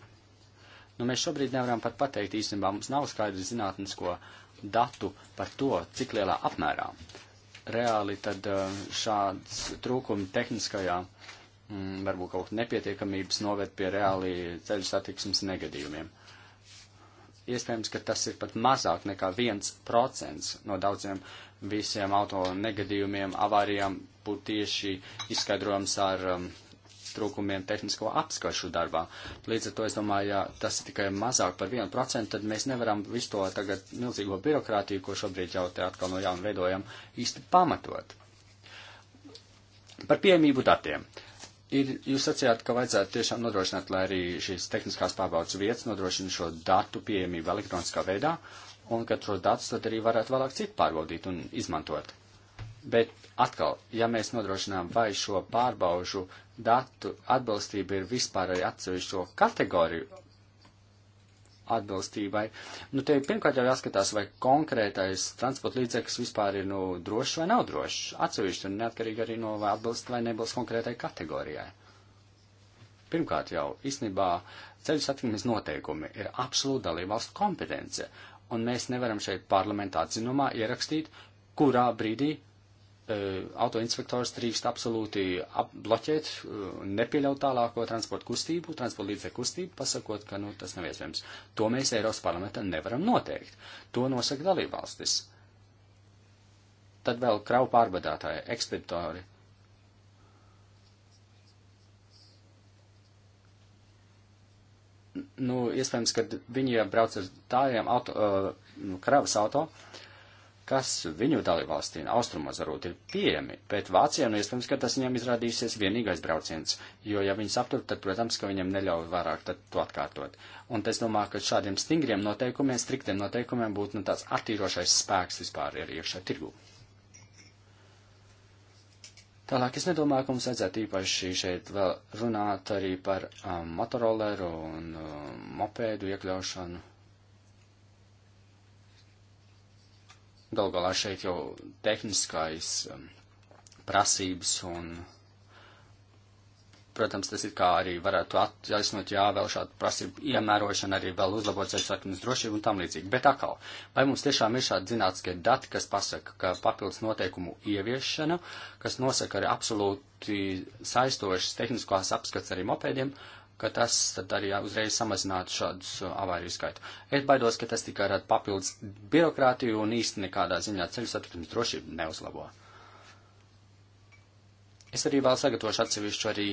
Nu, mēs šobrīd nevaram pat pateikt īstenībā, mums nav skaidrs zinātnisko datu par to, cik lielā apmērā reāli tad eh, šāds trūkumi tehniskajā m, mm, varbūt kaut nepietiekamības noved pie reāli ceļu satiksmes negadījumiem. Iespējams, ka tas ir pat mazāk nekā 1% no daudziem visiem auto negadījumiem, avārijām būtu tieši izskaidrojams ar um, trūkumiem tehnisko apskaršu darbā. Līdz ar to es domāju, ja tas tikai mazāk par 1%, tad mēs nevaram visu to tagad milzīgo birokrātiju, ko šobrīd jau te atkal no jauna veidojam, īsti pamatot. Par pieejamību datiem. Ir, jūs sacījāt, ka vajadzētu tiešām nodrošināt, lai arī šīs tehniskās pārbaudas vietas nodrošina šo datu pieejamību elektroniskā veidā, un ka šo datus tad arī varētu vēlāk citu pārbaudīt un izmantot. Bet atkal, ja mēs nodrošinām, vai šo pārbaužu datu atbilstība ir vispārēji atsevišķo kategoriju atbilstībai, nu te pirmkārt jau jāskatās, vai konkrētais transporta līdzeklis vispār ir, nu, drošs vai nav drošs, atsevišķi un neatkarīgi arī no vai atbilst vai nebilst konkrētai kategorijai. Pirmkārt jau, īstenībā ceļu satiksmes noteikumi ir absolūta dalībvalstu kompetence, un mēs nevaram šeit parlamentā atzinumā ierakstīt, kurā brīdī autoinspektors drīkst absolūti bloķēt, nepieļaut tālāko transporta kustību, transporta līdzekļu kustību, pasakot, ka nu, tas nav iespējams. To mēs Eiropas parlamentā nevaram noteikt. To nosaka dalībvalstis. Tad vēl kravu pārvadātāji, ekspeditori. Nu, iespējams, ka viņi brauc ar tājiem auto, uh, kravas auto, uh, kas viņu dalībvalstīm austrumos varbūt ir pieejami, bet Vācijā, nu, iespējams, ka tas viņam izrādīsies vienīgais brauciens, jo, ja viņi saprot, tad, protams, ka viņam neļauj vairāk to atkārtot. Un es domāju, ka šādiem stingriem noteikumiem, striktiem noteikumiem būtu, nu, tāds attīrošais spēks vispār ir iekšā tirgū. Tālāk es nedomāju, ka mums vajadzētu īpaši šeit vēl runāt arī par um, motoroleru un um, mopēdu iekļaušanu Galgalā šeit jau tehniskais um, prasības un, protams, tas ir kā arī varētu attaisnot, jā, vēl šādu prasību iemērošanu, arī vēl uzlabot ceļsaknes drošību un tam līdzīgi. Bet atkal, vai mums tiešām ir šādi zinātniskie dati, kas pasaka, ka papildus noteikumu ieviešana, kas nosaka arī absolūti saistošas tehniskās apskats arī mopēdiem, uh, ka tas tad arī uzreiz samazinātu šādus uh, avāriju skaitu. Es baidos, ka tas tikai rada papildus birokrātiju un īsti nekādā ziņā ceļu satiksmes drošību neuzlabo. Es arī vēl sagatavošu atsevišķu arī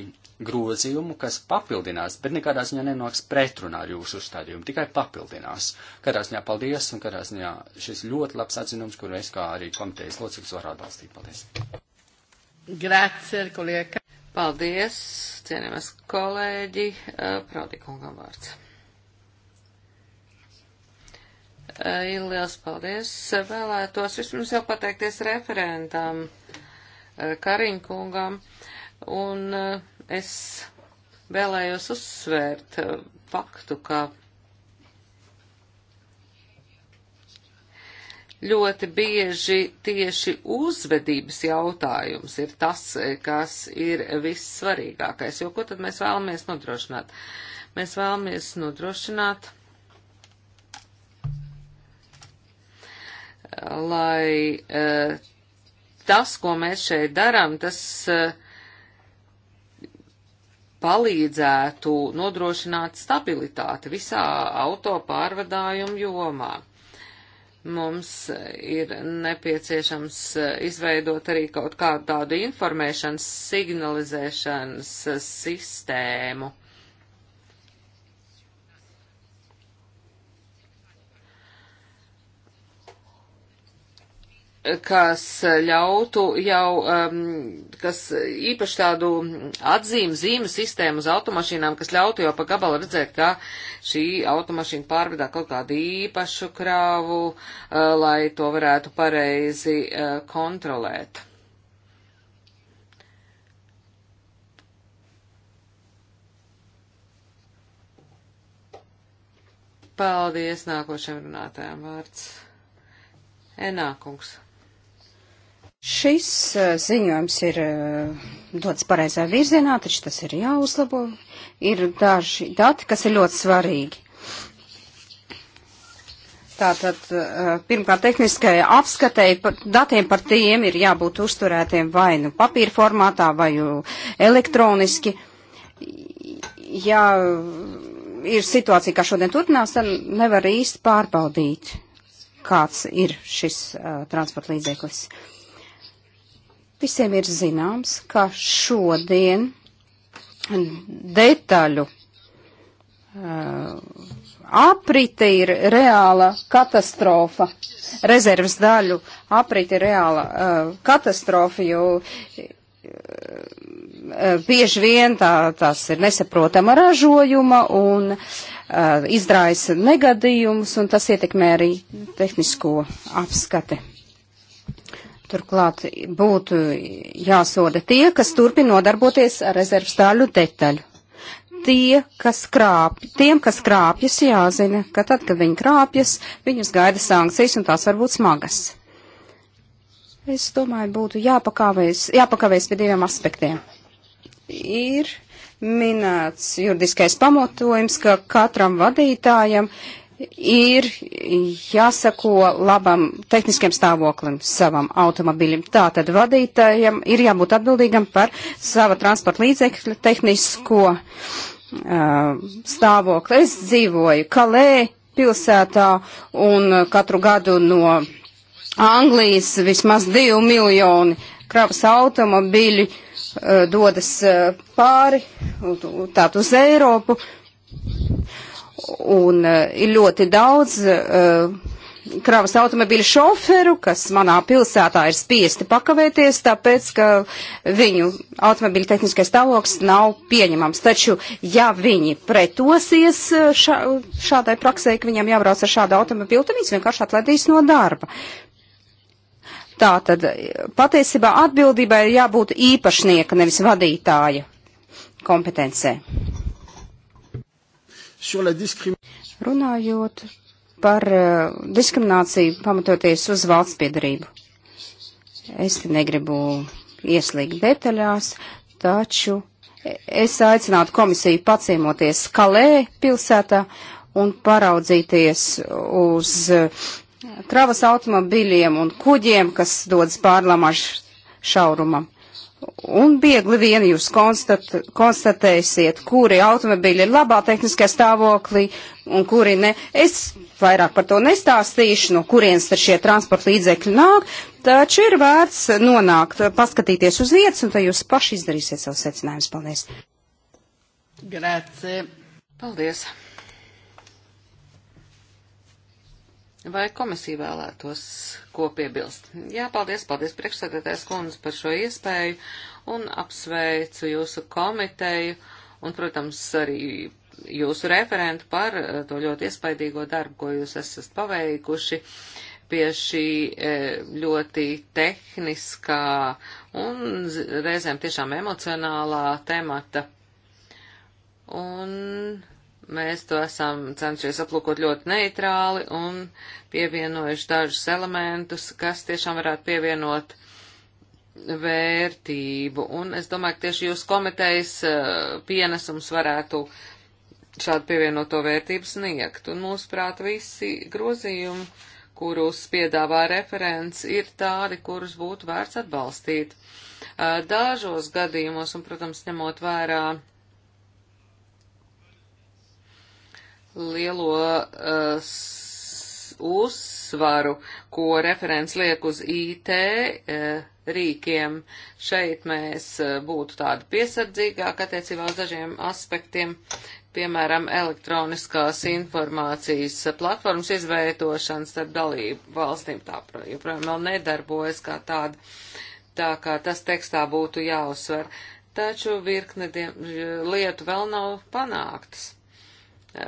grozījumu, kas papildinās, bet nekādā ziņā nenāks pretrunā ar jūsu uzstādījumu, tikai papildinās. Kādā ziņā paldies un kādā ziņā šis ļoti labs atzinums, kuru es kā arī komitejas loceklis varu atbalstīt. Paldies. Grazie, kolēģi. Paldies, cienījamies kolēģi, eh, Praudikungam vārds. Eh, Ir liels paldies. Vēlētos vismaz jau pateikties referentam eh, Kariņkungam, un es vēlējos uzsvērt faktu, ka ļoti bieži tieši uzvedības jautājums ir tas, kas ir vissvarīgākais. Jo ko tad mēs vēlamies nodrošināt? Mēs vēlamies nodrošināt, lai eh, tas, ko mēs šeit darām, tas eh, palīdzētu nodrošināt stabilitāti visā auto pārvadājumu jomā mums ir nepieciešams eh, izveidot arī kaut kādu tādu informēšanas, signalizēšanas eh, sistēmu kas ļautu jau, um, kas īpaši tādu atzīmu zīmu sistēmu uz automašīnām, kas ļautu jau pa gabalu redzēt, ka šī automašīna pārvedā kaut kādu īpašu krāvu, uh, lai to varētu pareizi uh, kontrolēt. Paldies nākošajam runātājam vārds. Enākungs. Šis eh, ziņojums ir eh, dots pareizā virzienā, taču tas ir jāuzlabo. Ir daži dati, kas ir ļoti svarīgi. Tātad, eh, pirmkārt, tehniskajai apskatei datiem par tiem ir jābūt uzturētiem vai nu papīra formātā, vai elektroniski. Ja ir situācija, kā šodien turpinās, tad nevar īsti pārbaudīt, kāds ir šis uh, transporta līdzeklis. Visiem ir zināms, ka šodien detaļu uh, aprite ir reāla katastrofa. Rezerves daļu aprite ir reāla uh, katastrofa, jo uh, uh, bieži vien tā, tās ir nesaprotama ražojuma un uh, izdrājas negadījums, un tas ietekmē arī tehnisko apskati. Turklāt būtu jāsoda tie, kas turpina nodarboties ar rezerves daļu detaļu. Tie, kas krāp, tiem, kas krāpjas, jāzina, ka tad, kad viņi krāpjas, viņus gaida sankcijas un tās var būt smagas. Es domāju, būtu jāpakavēs, jāpakavēs pie diviem aspektiem. Ir minēts juridiskais pamatojums, ka katram vadītājam ir jāsako labam tehniskiem stāvoklim savam automobiļam. Tātad vadītājam ir jābūt atbildīgam par sava transporta līdzekļa tehnisko uh, stāvokli. Es dzīvoju Kalē pilsētā un katru gadu no Anglijas vismaz divi miljoni kravas automobīļi uh, dodas uh, pāri, tātad uz Eiropu. Uh, Un eh, ir ļoti daudz eh, kravas automobīļu šoferu, kas manā pilsētā ir spiesti pakavēties, tāpēc, ka viņu automobīļu tehniskais stāvoklis nav pieņemams. Taču, ja viņi pretosies eh, šā, šādai praksē, ka viņam jābrauc ar šādu automobīlu, tad viņus vienkārši atlaidīs no darba. Tātad, patiesībā atbildībai jābūt īpašnieka, nevis vadītāja kompetencē. Runājot par uh, diskrimināciju pamatoties uz valsts piedarību. Es te negribu ieslīgt detaļās, taču es aicinātu komisiju paciemoties Kalē pilsētā un paraudzīties uz kravas eh, automobiļiem un kuģiem, kas dodas pārlamažu šaurumam. Un viegli vien jūs konstat, konstatēsiet, kuri automobīļi ir labā tehniskā stāvoklī un kuri ne. Es vairāk par to nestāstīšu, no kurienes tad šie transporta līdzekļi nāk, taču ir vērts nonākt, paskatīties uz vietas, un tad jūs paši izdarīsiet savus secinājumus. Paldies! Grācie! Paldies! Vai komisija vēlētos ko piebilst? Jā, paldies, paldies priekšsēdētājs kundze par šo iespēju un apsveicu jūsu komiteju un, protams, arī jūsu referentu par eh, to ļoti iespaidīgo darbu, ko jūs esat paveikuši pie šī eh, ļoti tehniskā un reizēm tiešām emocionālā temata. Un Mēs to esam cenšies aplūkot ļoti neitrāli un pievienojuši dažus elementus, kas tiešām varētu pievienot vērtību. Un es domāju, ka tieši jūs komitejas eh, pienesums varētu šādu pievienoto vērtību sniegt. Un mūsuprāt, visi grozījumi, kurus piedāvā referents, ir tādi, kurus būtu vērts atbalstīt. Eh, Dažos gadījumos, un, protams, ņemot vērā lielo uh, uzsvaru, ko referents liek uz IT uh, rīkiem. Šeit mēs uh, būtu tādi piesardzīgāki attiecībā uz dažiem aspektiem, piemēram, elektroniskās informācijas uh, platformas izveidošana starp dalību valstīm. Tā joprojām vēl nedarbojas kā tāda, tā kā tas tekstā būtu jāuzsver. Taču virkne lietu vēl nav panāktas.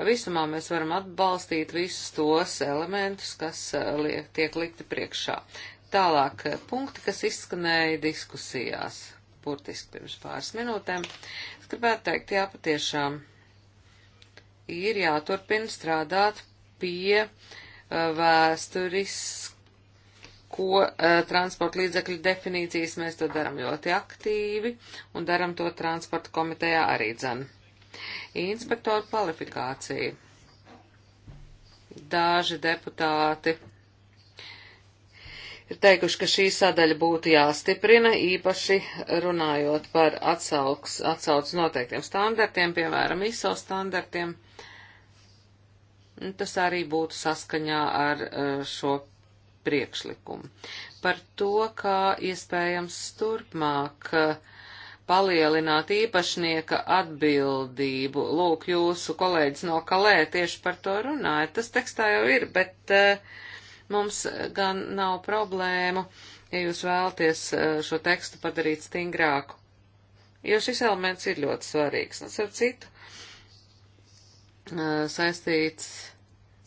Visumā mēs varam atbalstīt visus tos elementus, kas eh, liek, tiek likti priekšā. Tālāk eh, punkti, kas izskanēja diskusijās, burtiski pirms pāris minūtēm. Es gribētu teikt, jā, patiešām ir jāturpina strādāt pie eh, vēsturisko transporta līdzekļu definīcijas. Mēs to darām ļoti aktīvi un darām to transporta komitejā arī dzanu. Inspektoru kvalifikācija. Daži deputāti ir teikuši, ka šī sadaļa būtu jāstiprina, īpaši runājot par atsauks, atsauks noteiktiem standartiem, piemēram, ISO standartiem. Tas arī būtu saskaņā ar e, šo priekšlikumu. Par to, kā iespējams turpmāk uh, palielināt īpašnieka atbildību. Lūk, jūsu kolēģis no Kalē tieši par to runāja. Tas tekstā jau ir, bet uh, mums gan nav problēmu, ja jūs vēlaties uh, šo tekstu padarīt stingrāku. Jo šis elements ir ļoti svarīgs. Un ar citu uh, saistīts,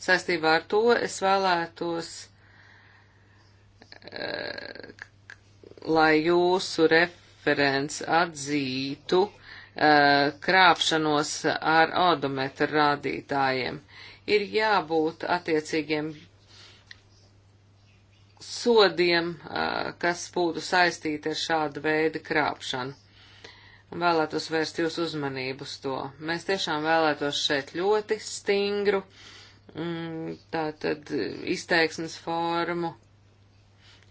saistībā ar to es vēlētos, lai jūsu ref referents atzītu uh, krāpšanos ar odometru rādītājiem. Ir jābūt attiecīgiem sodiem, uh, kas būtu saistīti ar šādu veidu krāpšanu. Vēlētos vērst jūsu uzmanību uz to. Mēs tiešām vēlētos šeit ļoti stingru, mm, tātad izteiksmes formu, uh,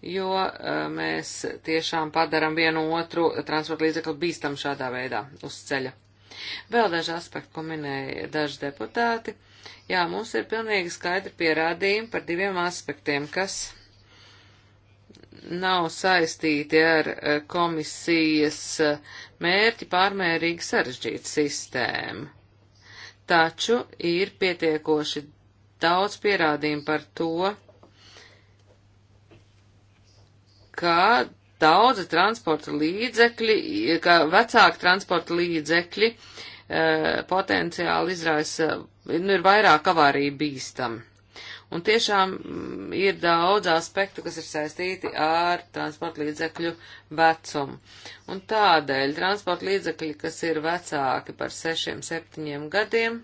jo eh, mēs tiešām padaram vienu otru transporta līdzekli bīstam šādā veidā uz ceļa. Vēl daži aspekti, ko minēja daži deputāti. Jā, mums ir pilnīgi skaidri pierādījumi par diviem aspektiem, kas nav saistīti ar eh, komisijas eh, mērķi pārmērīgi sarežģīt sistēmu. Taču ir pietiekoši daudz pierādījumu par to, ka daudzi transporta līdzekļi, ka vecāki transporta līdzekļi e, potenciāli izraisa, nu, ir vairāk avāriju bīstam. Un tiešām mm, ir daudz aspektu, kas ir saistīti ar transporta līdzekļu vecumu. Un tādēļ transporta līdzekļi, kas ir vecāki par 6-7 gadiem,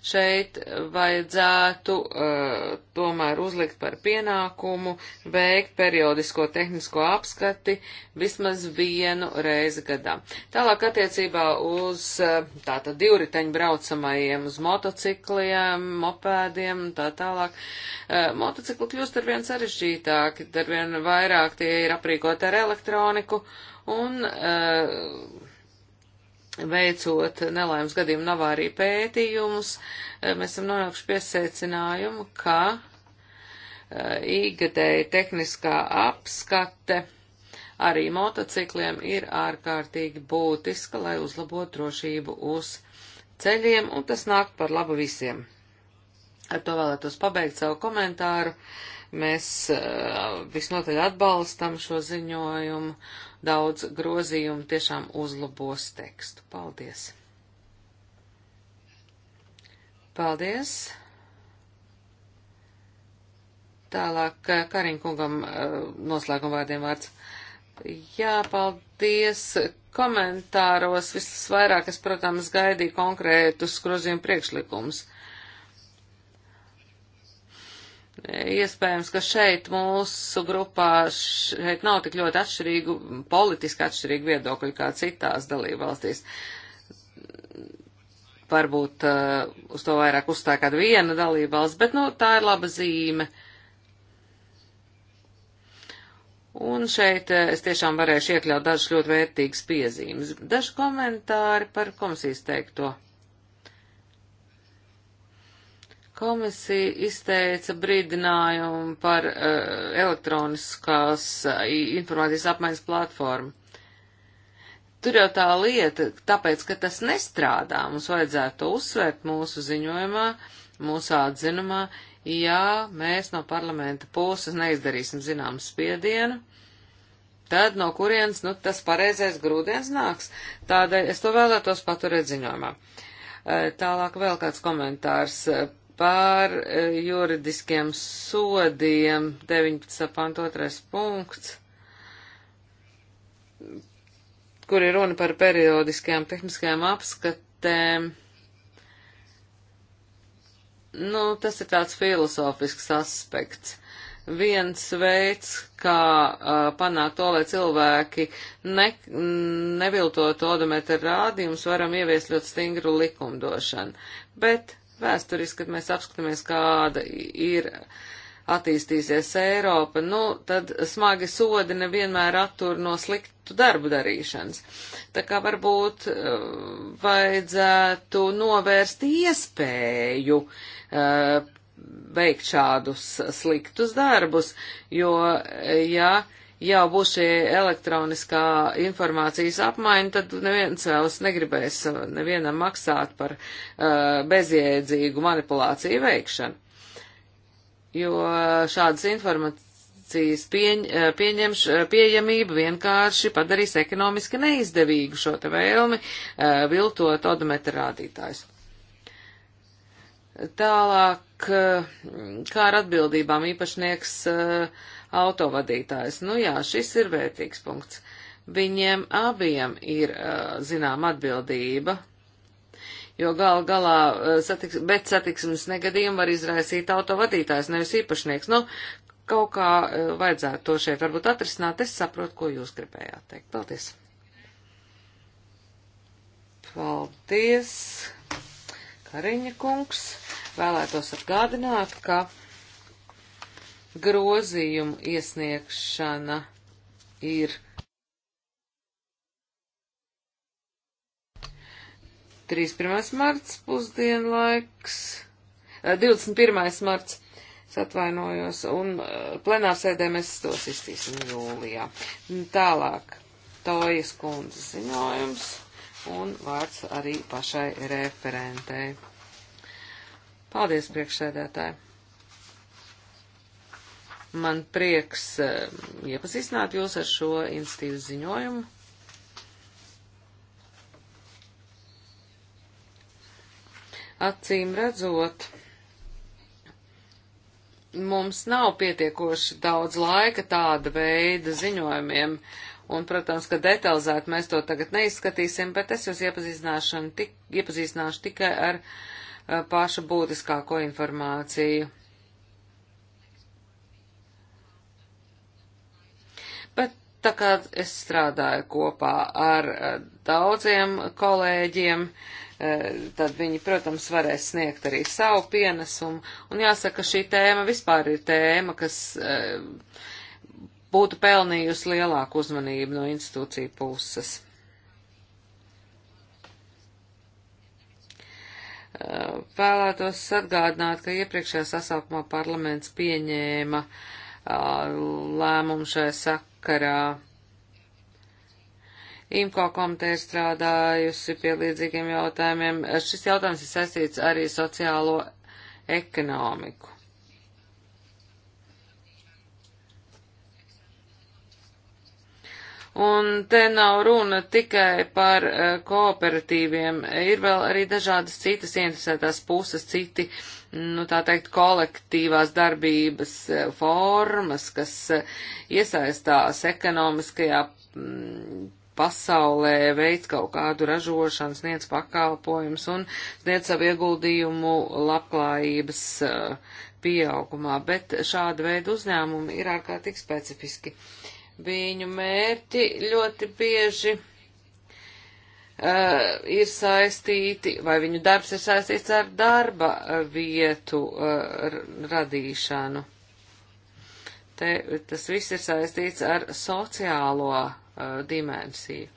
Šeit vajadzētu uh, tomēr uzlikt par pienākumu veikt periodisko tehnisko apskati vismaz vienu reizi gadā. Tālāk attiecībā uz uh, tātad divriteņu braucamajiem, uz motocikliem, mopēdiem un tā tālāk. Uh, motocikli kļūst arvien sarežģītāki, arvien vairāk tie ir aprīkot ar elektroniku un uh, veicot nelaimes gadījumu navārī pētījumus, e, mēs esam nonākuši pie secinājumu, ka īgadēja e, tehniskā apskate arī motocikliem ir ārkārtīgi būtiska, lai uzlabotu drošību uz ceļiem, un tas nāk par labu visiem. Ar to vēlētos pabeigt savu komentāru. Mēs uh, visnotaļ atbalstam šo ziņojumu daudz grozījumu tiešām uzlabos tekstu. Paldies! Paldies! Tālāk eh, Kariņkungam eh, noslēguma vārdiem vārds. Jā, paldies. Komentāros visvairāk es, protams, gaidīju konkrētus grozījumu priekšlikumus. Uh, Iespējams, ka šeit mūsu grupā šeit nav tik ļoti atšķirīgu, politiski atšķirīgu viedokļu kā citās dalībvalstīs. Varbūt uh, uz to vairāk uzstāj kāda viena dalībvalsts, bet nu, tā ir laba zīme. Un šeit uh, es tiešām varēšu iekļaut dažas ļoti vērtīgas piezīmes. Daži komentāri par komisijas teikto. Uh, Komisija izteica brīdinājumu par uh, elektroniskās uh, informācijas apmaiņas platformu. Tur jau tā lieta, tāpēc, ka tas nestrādā, mums vajadzētu to uzsvērt mūsu ziņojumā, mūsu atzinumā, ja mēs no parlamenta puses neizdarīsim zināmu spiedienu, tad no kurienes, nu, tas pareizais grūdienis nāks. Tādēļ es to vēlētos paturēt ziņojumā. Eh, tālāk vēl kāds komentārs par e, juridiskiem sodiem 19. pant 2. punkts, kur ir runa par periodiskajām tehniskajām apskatēm. Nu, tas ir tāds filozofisks aspekts viens veids, kā uh, panākt to, lai cilvēki ne, neviltotu odometra rādījumus, varam ieviest ļoti stingru likumdošanu. Bet Vēsturiski, kad mēs apskatāmies, kāda ir attīstīsies Eiropa, nu, tad smagi sodi nevienmēr attur no sliktu darbu darīšanas. Tā kā varbūt uh, vajadzētu novērst iespēju uh, veikt šādus sliktus darbus, jo, eh, ja uh, jau būs šī elektroniskā informācijas apmaiņa, tad neviens vairs negribēs uh, nevienam maksāt par uh, bezjēdzīgu manipulāciju veikšanu. Jo šādas informācijas pieņ, uh, pieņemš, uh, pieejamība vienkārši padarīs ekonomiski neizdevīgu šo te vēlmi uh, viltot odometra rādītājs. Tālāk, kā ar atbildībām īpašnieks uh, autovadītājs. Nu jā, šis ir vērtīgs punkts. Viņiem abiem ir, zinām, atbildība, jo gal galā, satiks, bet satiksmes negadījumu var izraisīt autovadītājs, nevis īpašnieks. Nu, kaut kā vajadzētu to šeit varbūt atrisināt. Es saprotu, ko jūs gribējāt teikt. Paldies! Paldies, Kariņa kungs. Vēlētos atgādināt, ka grozījumu iesniegšana ir 31. marts pusdienlaiks, 21. Eh, marts, es atvainojos, un eh, plenārsēdē mēs tos iztīsim jūlijā. Tālāk, Tojas kundzes ziņojums un vārds arī pašai referentei. Paldies, priekšsēdētāji! Man prieks eh, iepazīstināt jūs ar šo institīvu ziņojumu. Acīm redzot, mums nav pietiekoši daudz laika tāda veida ziņojumiem, un, protams, ka detalizēt mēs to tagad neizskatīsim, bet es jūs iepazīstināšu, tik, iepazīstināšu tikai ar uh, pašu būtiskāko informāciju. Tā kā es strādāju kopā ar eh, daudziem kolēģiem, eh, tad viņi, protams, varēs sniegt arī savu pienesumu. Un jāsaka, šī tēma vispār ir tēma, kas eh, būtu pelnījusi lielāku uzmanību no institūciju puses. Vēlētos atgādināt, ka iepriekšējā sasaukumā parlaments pieņēma lēmumu šajā sak sakarā. IMCO komiteja ir strādājusi pie līdzīgiem jautājumiem. Šis jautājums ir saistīts arī sociālo ekonomiku. Un te nav runa tikai par eh, kooperatīviem, ir vēl arī dažādas citas interesētās puses, citi uh, nu, tā teikt, kolektīvās darbības eh, formas, kas eh, iesaistās ekonomiskajā mm, pasaulē, veids kaut kādu ražošanu, sniedz pakalpojumus un sniedz savu ieguldījumu labklājības eh, pieaugumā, bet šāda veida uzņēmumi ir ārkārtīgi specifiski. Viņu mērķi ļoti bieži uh, ir saistīti, vai viņu darbs ir saistīts ar darba uh, vietu uh, radīšanu. Te, tas viss ir saistīts ar sociālo uh, dimensiju.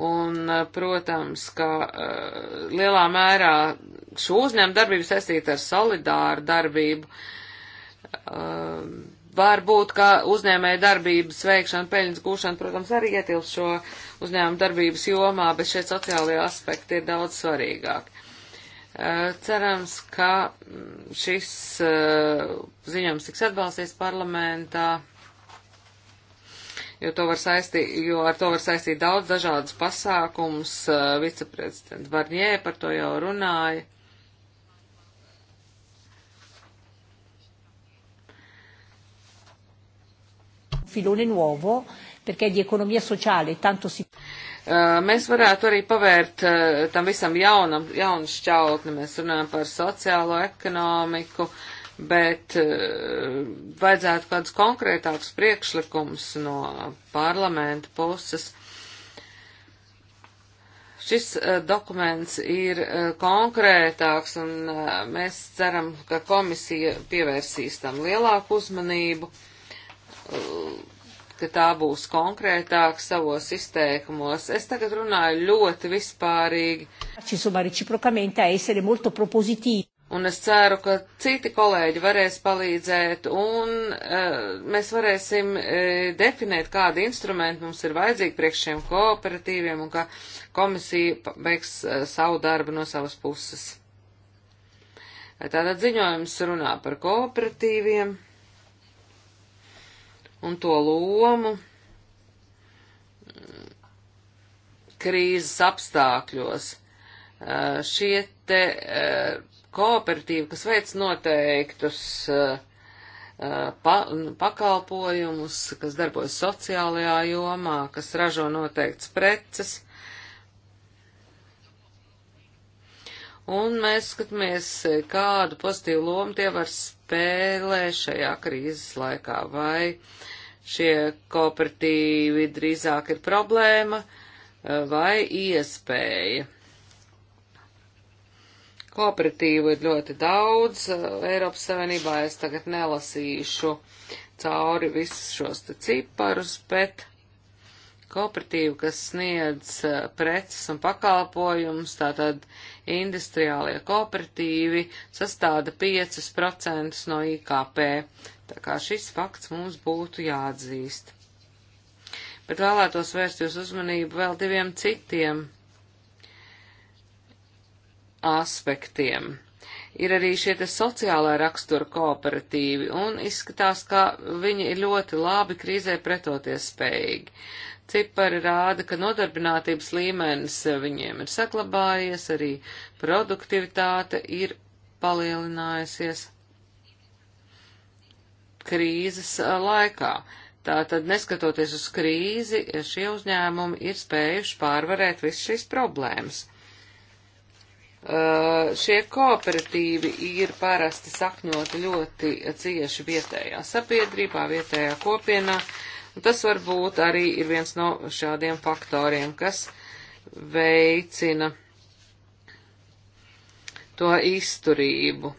Un, uh, protams, ka uh, lielā mērā šo uzņēmumu darbību saistīta ar solidāru darbību. Uh, Varbūt, ka uzņēmēja darbības veikšana, peļņas gūšana, protams, arī ietilps šo uzņēmumu darbības jomā, bet šeit sociālajie aspekti ir daudz svarīgāki. Eh, cerams, ka mm, šis eh, ziņojums tiks atbalstīts parlamentā, jo, to saistīt, jo ar to var saistīt daudz dažādas pasākums. Eh, viceprezidents Barņē par to jau runāja. filone nuovo perché di economia sociale tanto si. Eh, mēs varētu arī pavērt eh, tam visam jaunam, jaunu šķautni. Mēs runājam par sociālo ekonomiku, bet eh, vajadzētu kādus konkrētākus priekšlikumus no parlamenta puses. Šis dokuments ir konkrētāks, un mēs ceram, ka komisija pievērsīs tam lielāku uzmanību ka tā būs konkrētāk savos izteikumos. Es tagad runāju ļoti vispārīgi. Un es ceru, ka citi kolēģi varēs palīdzēt un uh, mēs varēsim uh, definēt, kādi instrumenti mums ir vajadzīgi priekš šiem kooperatīviem un ka komisija veiks uh, eh, savu darbu no savas puses. Tātad ziņojums runā par kooperatīviem un to lomu krīzes apstākļos. Eh, šie te eh, kooperatīvi, kas veic noteiktus eh, pa, pakalpojumus, kas darbojas sociālajā jomā, kas ražo noteikts preces. Un mēs skatāmies, kādu pozitīvu lomu tie var spēlēt spēlē šajā krīzes laikā, vai šie kooperatīvi drīzāk ir problēma eh, vai iespēja. Kooperatīvu ir ļoti daudz eh, Eiropas Savienībā, es tagad nelasīšu cauri visus šos ciparus, bet kooperatīva, kas sniedz uh, preces un pakalpojumus, tātad industriālie kooperatīvi sastāda 5% no IKP. Tā kā šis fakts mums būtu jāatzīst. Bet vēlētos vērst jūs uzmanību vēl diviem citiem aspektiem. Ir arī šie te sociālā rakstura kooperatīvi, un izskatās, ka viņi ir ļoti labi krīzē pretoties spējīgi. Cipari rāda, ka nodarbinātības līmenis viņiem ir saglabājies, arī produktivitāte ir palielinājusies krīzes laikā. Tātad, neskatoties uz krīzi, šie uzņēmumi ir spējuši pārvarēt visu šīs problēmas. Uh, šie kooperatīvi ir parasti sakņoti ļoti cieši vietējā sabiedrībā, vietējā kopienā, uh, Un tas varbūt arī ir viens no šādiem faktoriem, kas veicina to izturību.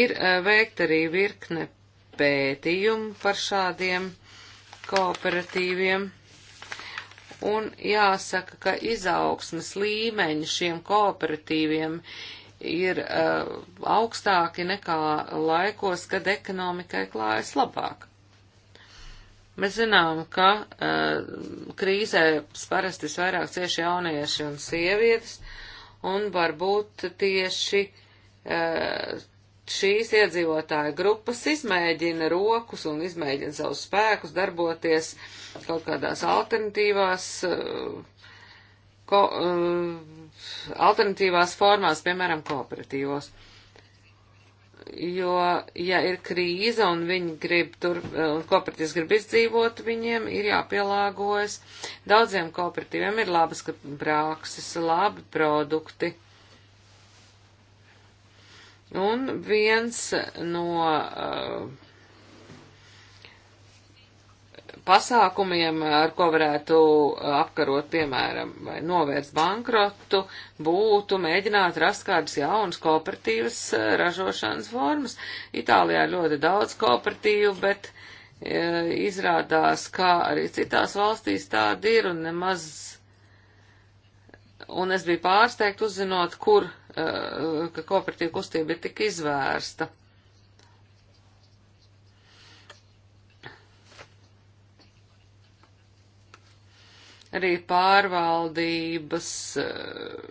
Ir eh, veikt arī virkne pētījumu par šādiem kooperatīviem un jāsaka, ka izaugsmas līmeņi šiem kooperatīviem ir uh, augstāki nekā laikos, kad ekonomikai klājas labāk. Mēs zinām, ka uh, krīzē parasti visvairāk cieši jaunieši un sievietes, un varbūt tieši uh, šīs iedzīvotāja grupas izmēģina rokas un izmēģina savus spēkus darboties kaut kādās alternatīvās, eh, ko, alternatīvās formās, piemēram, kooperatīvos jo, ja ir krīze un viņi grib tur, eh, un kooperatīvs grib izdzīvot, viņiem ir jāpielāgojas. Daudziem kooperatīviem ir labas prakses, labi produkti. Un viens no uh, pasākumiem, ar ko varētu uh, apkarot, piemēram, vai novērst bankrotu, būtu mēģināt rast kādas jaunas kooperatīvas uh, ražošanas formas. Itālijā ir ļoti daudz kooperatīvu, bet e, izrādās, ka arī citās valstīs tāda ir un nemaz. Un es biju pārsteigta uzzinot, kur, e, ka kooperatīva kustība ir tik izvērsta. arī pārvaldības eh,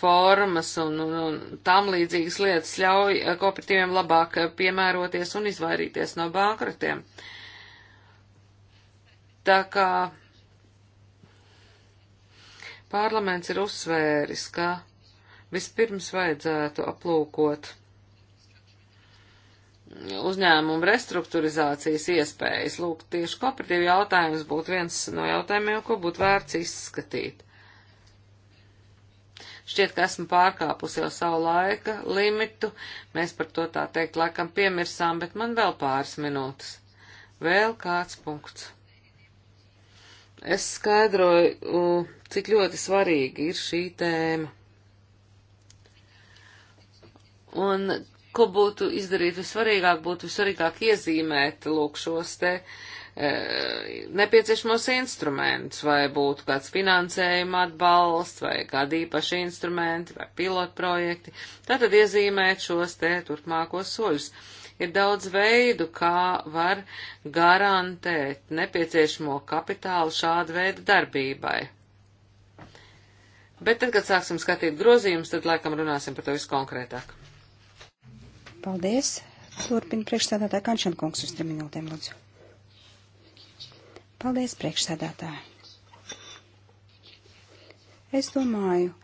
formas un, un, un tam līdzīgas lietas ļauj eh, kooperatīviem labāk eh, piemēroties un izvairīties no bankrotiem. Tā kā parlaments ir uzsvēris, ka vispirms vajadzētu aplūkot uzņēmumu restruktūrizācijas iespējas. Lūk, tieši kooperatīvi jautājums būtu viens no jautājumiem, ko būtu vērts izskatīt. Šķiet, ka esmu pārkāpus jau savu laika limitu, mēs par to tā teikt laikam piemirsām, bet man vēl pāris minūtes. Vēl kāds punkts. Es skaidroju, cik ļoti svarīgi ir šī tēma. Un ko būtu izdarīt visvarīgāk, būtu visvarīgāk iezīmēt, lūk, šos te e, nepieciešamos instrumentus, vai būtu kāds finansējuma atbalsts, vai kādi īpaši instrumenti, vai pilotprojekti. Tātad iezīmēt šos te turpmākos soļus ir daudz veidu, kā var garantēt nepieciešamo kapitālu šāda veida darbībai. Bet tad, kad sāksim skatīt grozījumus, tad laikam runāsim par to visu konkrētāk. Paldies. Turpina priekšsēdētāja Kančana kungs uz trim minūtēm, lūdzu. Paldies, priekšsēdētāji. Es domāju,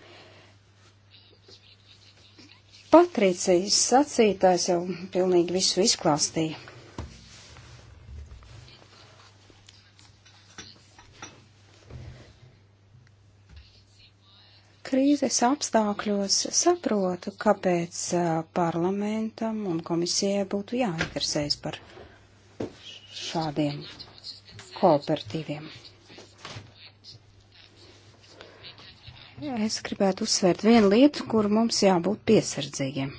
Patricija sacītājs jau pilnīgi visu izklāstīja. krīzes apstākļos saprotu, kāpēc parlamentam un komisijai būtu jāinteresējas par šādiem kooperatīviem. Es gribētu uzsvērt vienu lietu, kur mums jābūt piesardzīgiem.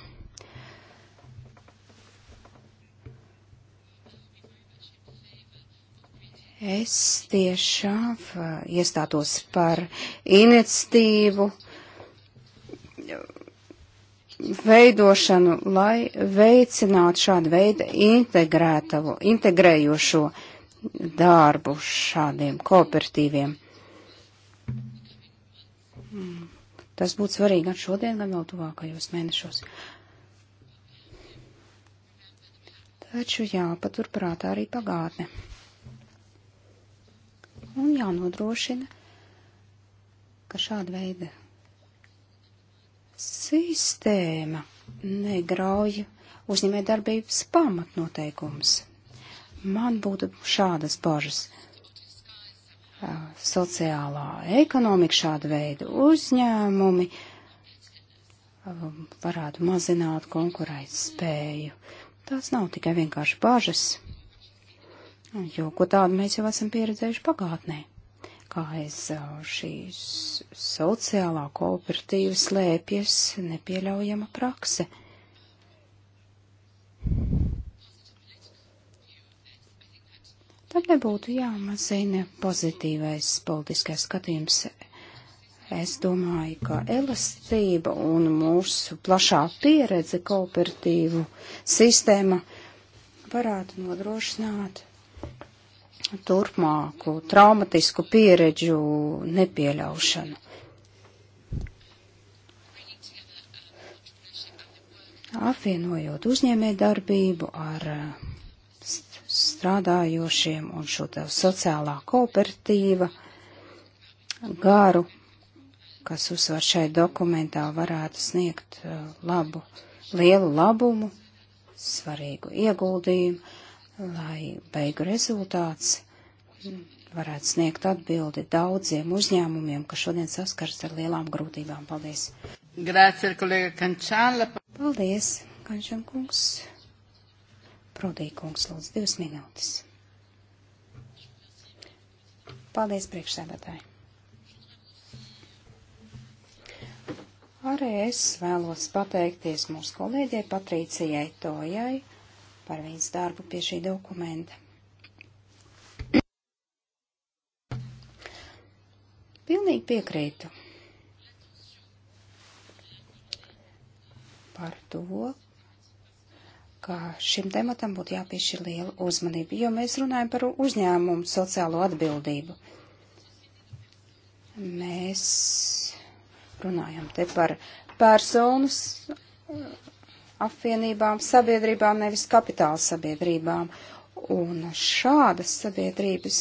Es tiešām iestātos par iniciatīvu veidošanu, lai veicinātu šādu veidu integrētavo, integrējošo darbu šādiem kooperatīviem. Tas būtu svarīgi gan šodien, gan vēl tuvākajos mēnešos. Taču jāpaturprātā arī pagātne. Un jānodrošina, ka šāda veida Sistēma negrauj uzņēmē darbības pamatnoteikums. Man būtu šādas bažas sociālā ekonomika, šāda veida uzņēmumi varētu mazināt konkurēt spēju. Tās nav tikai vienkārši bažas, jo ko tādu mēs jau esam pieredzējuši pagātnē kā aiz šīs sociālā kooperatīva slēpjas nepieļaujama prakse. Tad nebūtu jāmazina pozitīvais politiskais skatījums. Es domāju, ka elastība un mūsu plašā pieredze kooperatīvu sistēma varētu nodrošināt turpmāku traumatisku pieredžu nepieļaušanu. Apvienojot uzņēmē darbību ar eh, strādājošiem un šo tā sociālā kooperatīva garu, kas uzsver šai dokumentā, varētu sniegt eh, labu, lielu labumu, svarīgu ieguldījumu lai beigu rezultāts varētu sniegt atbildi daudziem uzņēmumiem, kas šodien saskars ar lielām grūtībām. Paldies! Grācija, kolēga Kančāla! Paldies, Kančam kungs! Prodīja kungs, lūdzu, divas minūtes. Paldies, priekšsēdētāji! Arī es vēlos pateikties mūsu kolēģei Patricijai Tojai par viņas darbu pie šī dokumenta. Pilnīgi piekrītu par to, ka šim tematam būtu jāpiešķir liela uzmanība, jo mēs runājam par uzņēmumu sociālo atbildību. Mēs runājam te par personas apvienībām, sabiedrībām, nevis kapitāla sabiedrībām. Un šādas sabiedrības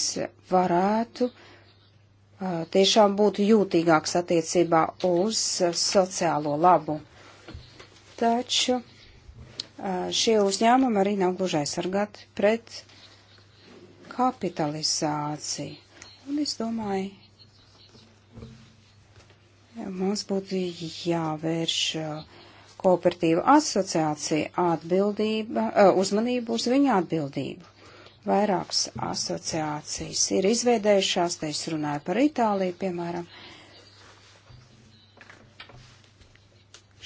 varētu uh, tiešām būt jūtīgāks attiecībā uz sociālo labu. Taču uh, šie uzņēmumi arī nav gluži aizsargāti pret kapitalizāciju. Un es domāju, mums būtu jāvērš uh, kooperatīva asociācija atbildība, eh, uzmanību uz viņu atbildību. Vairākas asociācijas ir izveidējušās, te es runāju par Itāliju, piemēram.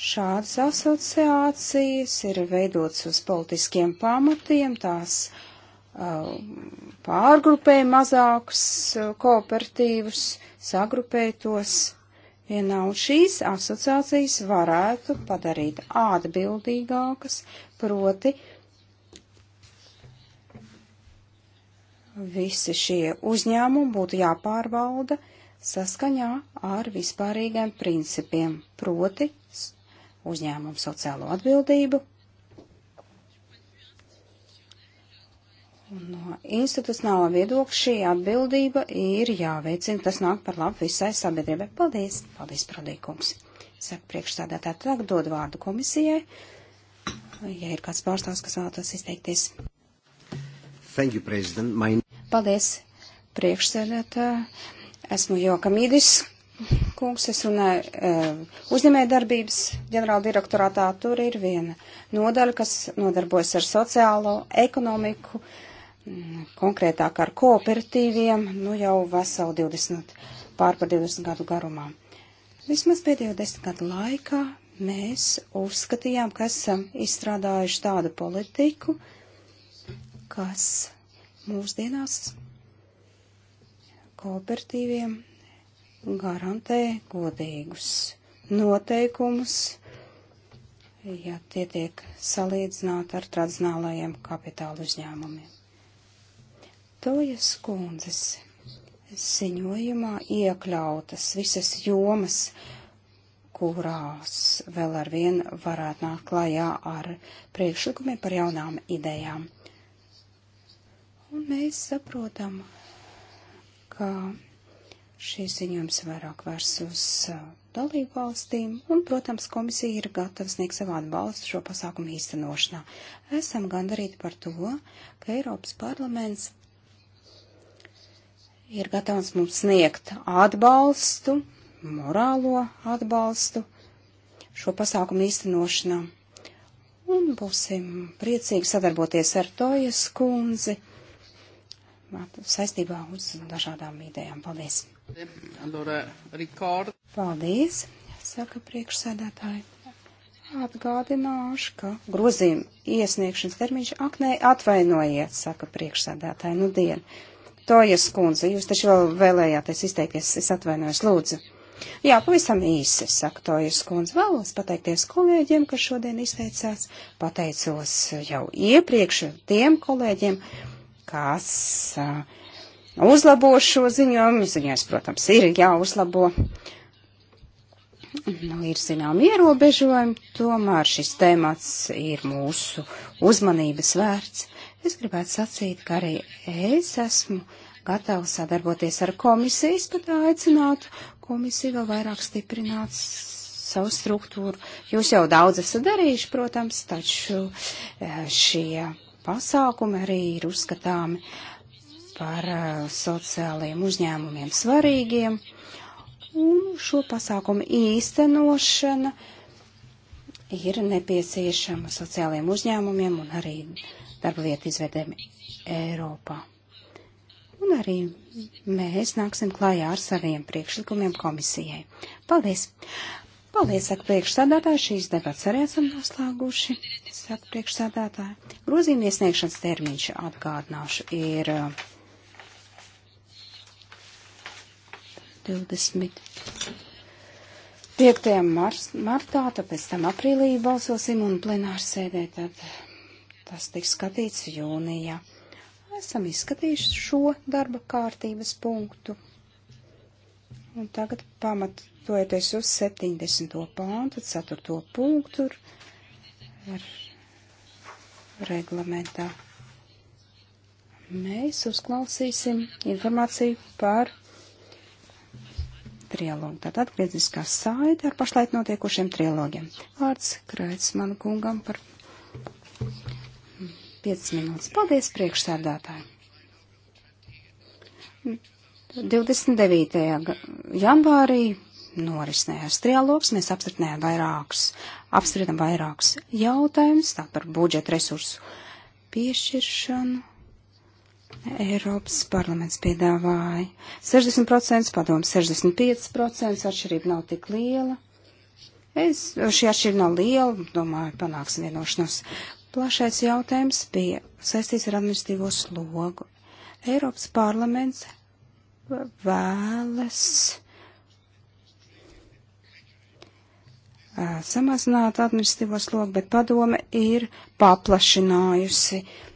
Šādas asociācijas ir veidotas uz politiskiem pamatiem, tās uh, pārgrupēja mazākus eh, kooperatīvus, sagrupēja tos Ja nav šīs asociācijas, varētu padarīt atbildīgākas, proti visi šie uzņēmumi būtu jāpārvalda saskaņā ar vispārīgiem principiem, proti uzņēmumu sociālo atbildību, Un no institucionālā viedokļa šī atbildība ir jāveicina. Tas nāk par labu visai sabiedrībai. Paldies! Paldies, pradīkums! Saka priekšstādātāji, tagad dod vārdu komisijai. Ja ir kāds pārstāvs, kas vēlētos izteikties. Thank you, President. My... Paldies, priekšsēdētāji. Esmu Joka Mīdis, kungs, es runāju uh, eh, uzņēmēju darbības ģenerāla direktorātā. Tur ir viena nodaļa, kas nodarbojas ar sociālo ekonomiku. Uh, konkrētāk ar kooperatīviem, nu jau veselu 20, pār par 20 gadu garumā. Vismaz pēdējo desmit gadu laikā mēs uzskatījām, ka esam izstrādājuši tādu politiku, kas mūsdienās kooperatīviem garantē godīgus noteikumus, ja tie tiek salīdzināti ar tradicionālajiem kapitāla uzņēmumiem. Tojas kundzes ziņojumā iekļautas visas jomas, kurās vēl ar vienu varētu nākt klajā ar priekšlikumiem par jaunām idejām. Un mēs saprotam, ka šīs ziņojums vairāk vērs uz uh, dalību valstīm, un, protams, komisija ir gatava sniegt savu atbalstu šo pasākumu īstenošanā. Esam gandarīti par to, ka Eiropas parlaments ir gatavs mums sniegt atbalstu, morālo atbalstu šo pasākumu īstenošanā. Un būsim priecīgi sadarboties ar Tojas kundzi saistībā uz dažādām idejām. Paldies! Paldies, saka priekšsēdētāji. Atgādināšu, ka grozījuma iesniegšanas termiņš aknē atvainojiet, saka priekšsēdētāji, nu dienu. Tojas kundze, jūs taču vēl vēlējāties izteikties, es atvainojos, lūdzu. Jā, pavisam īsi, saka Tojas kundze, vēlos pateikties kolēģiem, kas šodien izteicās, pateicos jau iepriekš tiem kolēģiem, kas uh, uzlabo šo ziņojumu, ziņojums, protams, ir jāuzlabo. Nu, ir zinām ierobežojumi, tomēr šis temats ir mūsu uzmanības vērts. Es gribētu sacīt, ka arī es esmu gatava sadarboties ar komisijas, pat aicinātu komisiju vēl vairāk stiprināt savu struktūru. Jūs jau daudz esat darījuši, protams, taču eh, šie pasākumi arī ir uzskatāmi par eh, sociālajiem uzņēmumiem svarīgiem. Un šo pasākumu īstenošana uh, ir nepieciešama sociālajiem uzņēmumiem un arī darba vietu izvedēm Eiropā. Un arī mēs nāksim klājā ar saviem priekšlikumiem komisijai. Paldies! Paldies, saka priekšsādātāji, šīs debats arī esam noslēguši, saka priekšsādātāji. Grozījuma iesniegšanas termiņš atgādināšu ir 20. Uh, 5. Mars, martā, tāpēc tam aprīlī balsosim un plenārs sēdē, tad tas tiks skatīts jūnijā. Esam izskatījuši šo darba kārtības punktu. Un tagad pamatojoties uz 70. pāntu, 4. punktu ar reglamentā. Mēs uzklausīsim informāciju par trialogu. Tad atgrieziskā saite ar pašlaik notiekošiem trialogiem. Vārds Kraits man kungam par 5 minūtes. Paldies priekšsēdētāji. 29. janvārī norisinājās trialogs, mēs apstiprinājām vairākus, apstiprinām vairākus jautājumus, tā par budžeta resursu piešķiršanu Eiropas parlaments piedāvāja 60%, padomu 65%, atšķirība nav tik liela. Es, šī atšķirība nav liela, domāju, panāksim vienošanos. Plašais jautājums bija saistīts ar administratīvo slogu. Eiropas parlaments vēlas samazināt administratīvo slogu, bet padome ir paplašinājusi uh,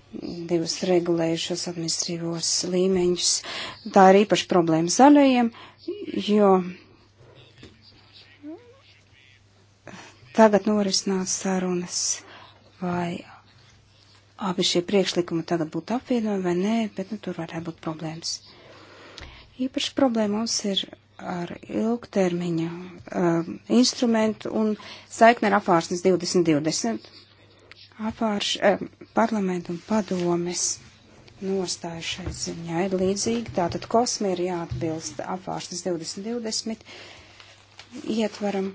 divus regulējušos administrīvos līmeņus. Tā ir īpaši problēma zaļajiem, jo tagad norisinās sarunas, vai abi šie priekšlikumi tagad būtu apvienojami vai nē, bet nu, tur varētu būt problēmas. Īpaši problēma mums ir ar ilgtermiņa um, instrumentu un saikni ar apvārsnes 2020. Apvārš, um, parlamentu un padomes nostāja šai ziņā ir līdzīga. Tātad kosmē ir jāatbilst apvārstas 2020 ietvaram.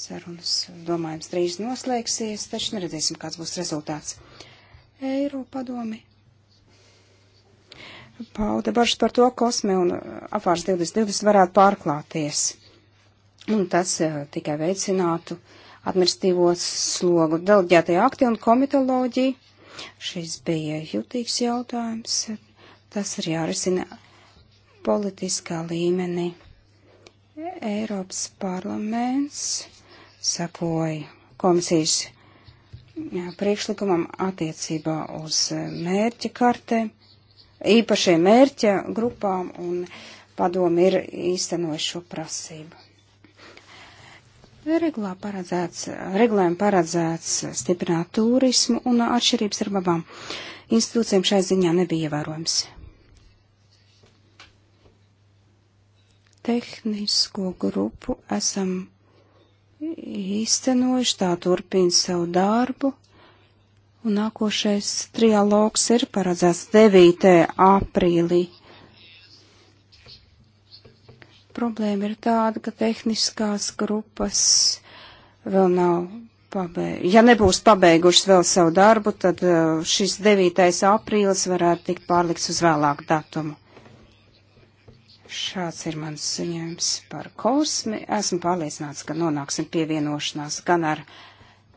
Sarunas, domājams, drīz noslēgsies, taču neredzēsim, kāds būs rezultāts. Eiropadomi pauda bažas par to, kosmē un apvārs 2020 varētu pārklāties. Un tas eh, tikai veicinātu uh, administratīvo slogu, delģētajā akti un komitoloģiju. Šis bija jutīgs jautājums. Tas ir jārisina politiskā līmenī. Eiropas parlaments sakoja komisijas priekšlikumam attiecībā uz eh, mērķa kartē, īpašiem mērķa grupām un padomi ir īstenojuši šo prasību. Regulā paredzēts, regulējumi paredzēts stiprināt turismu un atšķirības ar abām institūcijām šai ziņā nebija ievērojams. Tehnisko grupu esam īstenojuši, tā turpina savu darbu, un nākošais trialogs ir paredzēts 9. aprīlī Problēma ir tāda, ka tehniskās grupas vēl nav pabeigušas. Ja nebūs pabeigušas vēl savu darbu, tad uh, šis 9. aprīlis varētu tikt pārlikts uz vēlāku datumu. Šāds ir mans ziņojums par kosmi. Esmu pārliecināts, ka nonāksim pie vienošanās gan ar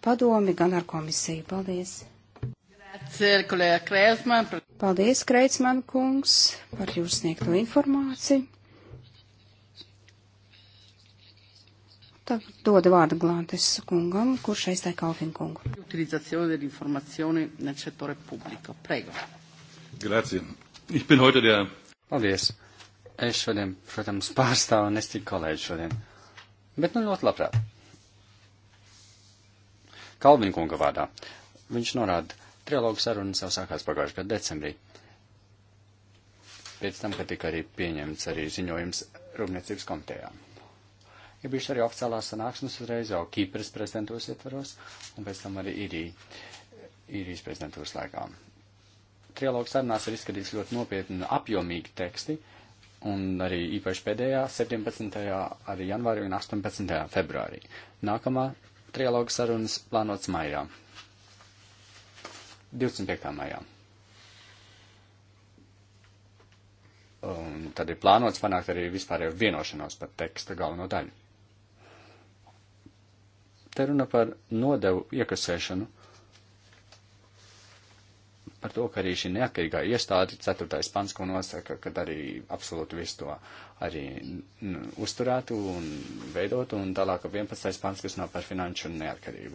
padomi, gan ar komisiju. Paldies! Paldies, Kreitsman kungs, par jūsu sniegto informāciju. Tagad dodu vārdu Glantes kungam, kurš aizstāja Kalfinu kungu. Utilizzazione dell'informazione nel settore pubblico. Prego. Grazie. Ich bin heute der... Paldies. Es šodien, protams, pārstāvu un es tik kolēģi šodien. Bet nu ļoti labprāt. Kalvina kunga vārdā. Viņš norāda, trilogu sarunas jau sākās pagājušajā gadā decembrī. Pēc tam, kad tika arī pieņemts arī ziņojums Rūpniecības komitejām ir bijuši arī oficiālās sanāksmes uzreiz jau Kīpras prezidentūras ietvaros un pēc tam arī Irija, Irijas prezidentūras laikā. Trialogs sarunās ir izskatīts ļoti nopietni un apjomīgi teksti, un arī īpaši pēdējā 17. arī janvārī un 18. februārī. Nākamā trialoga sarunas plānots maijā. 25. maijā. Un tad ir plānots panākt arī vispārēju vienošanos par teksta galveno daļu. Te runa par nodevu iekasēšanu, par to, ka arī šī neatkarīgā iestāde, 4. pants, ko nosaka, kad arī absolūti visu to arī uzturētu un veidotu, un tālāk 11. pants, kas nav par finanšu neatkarību.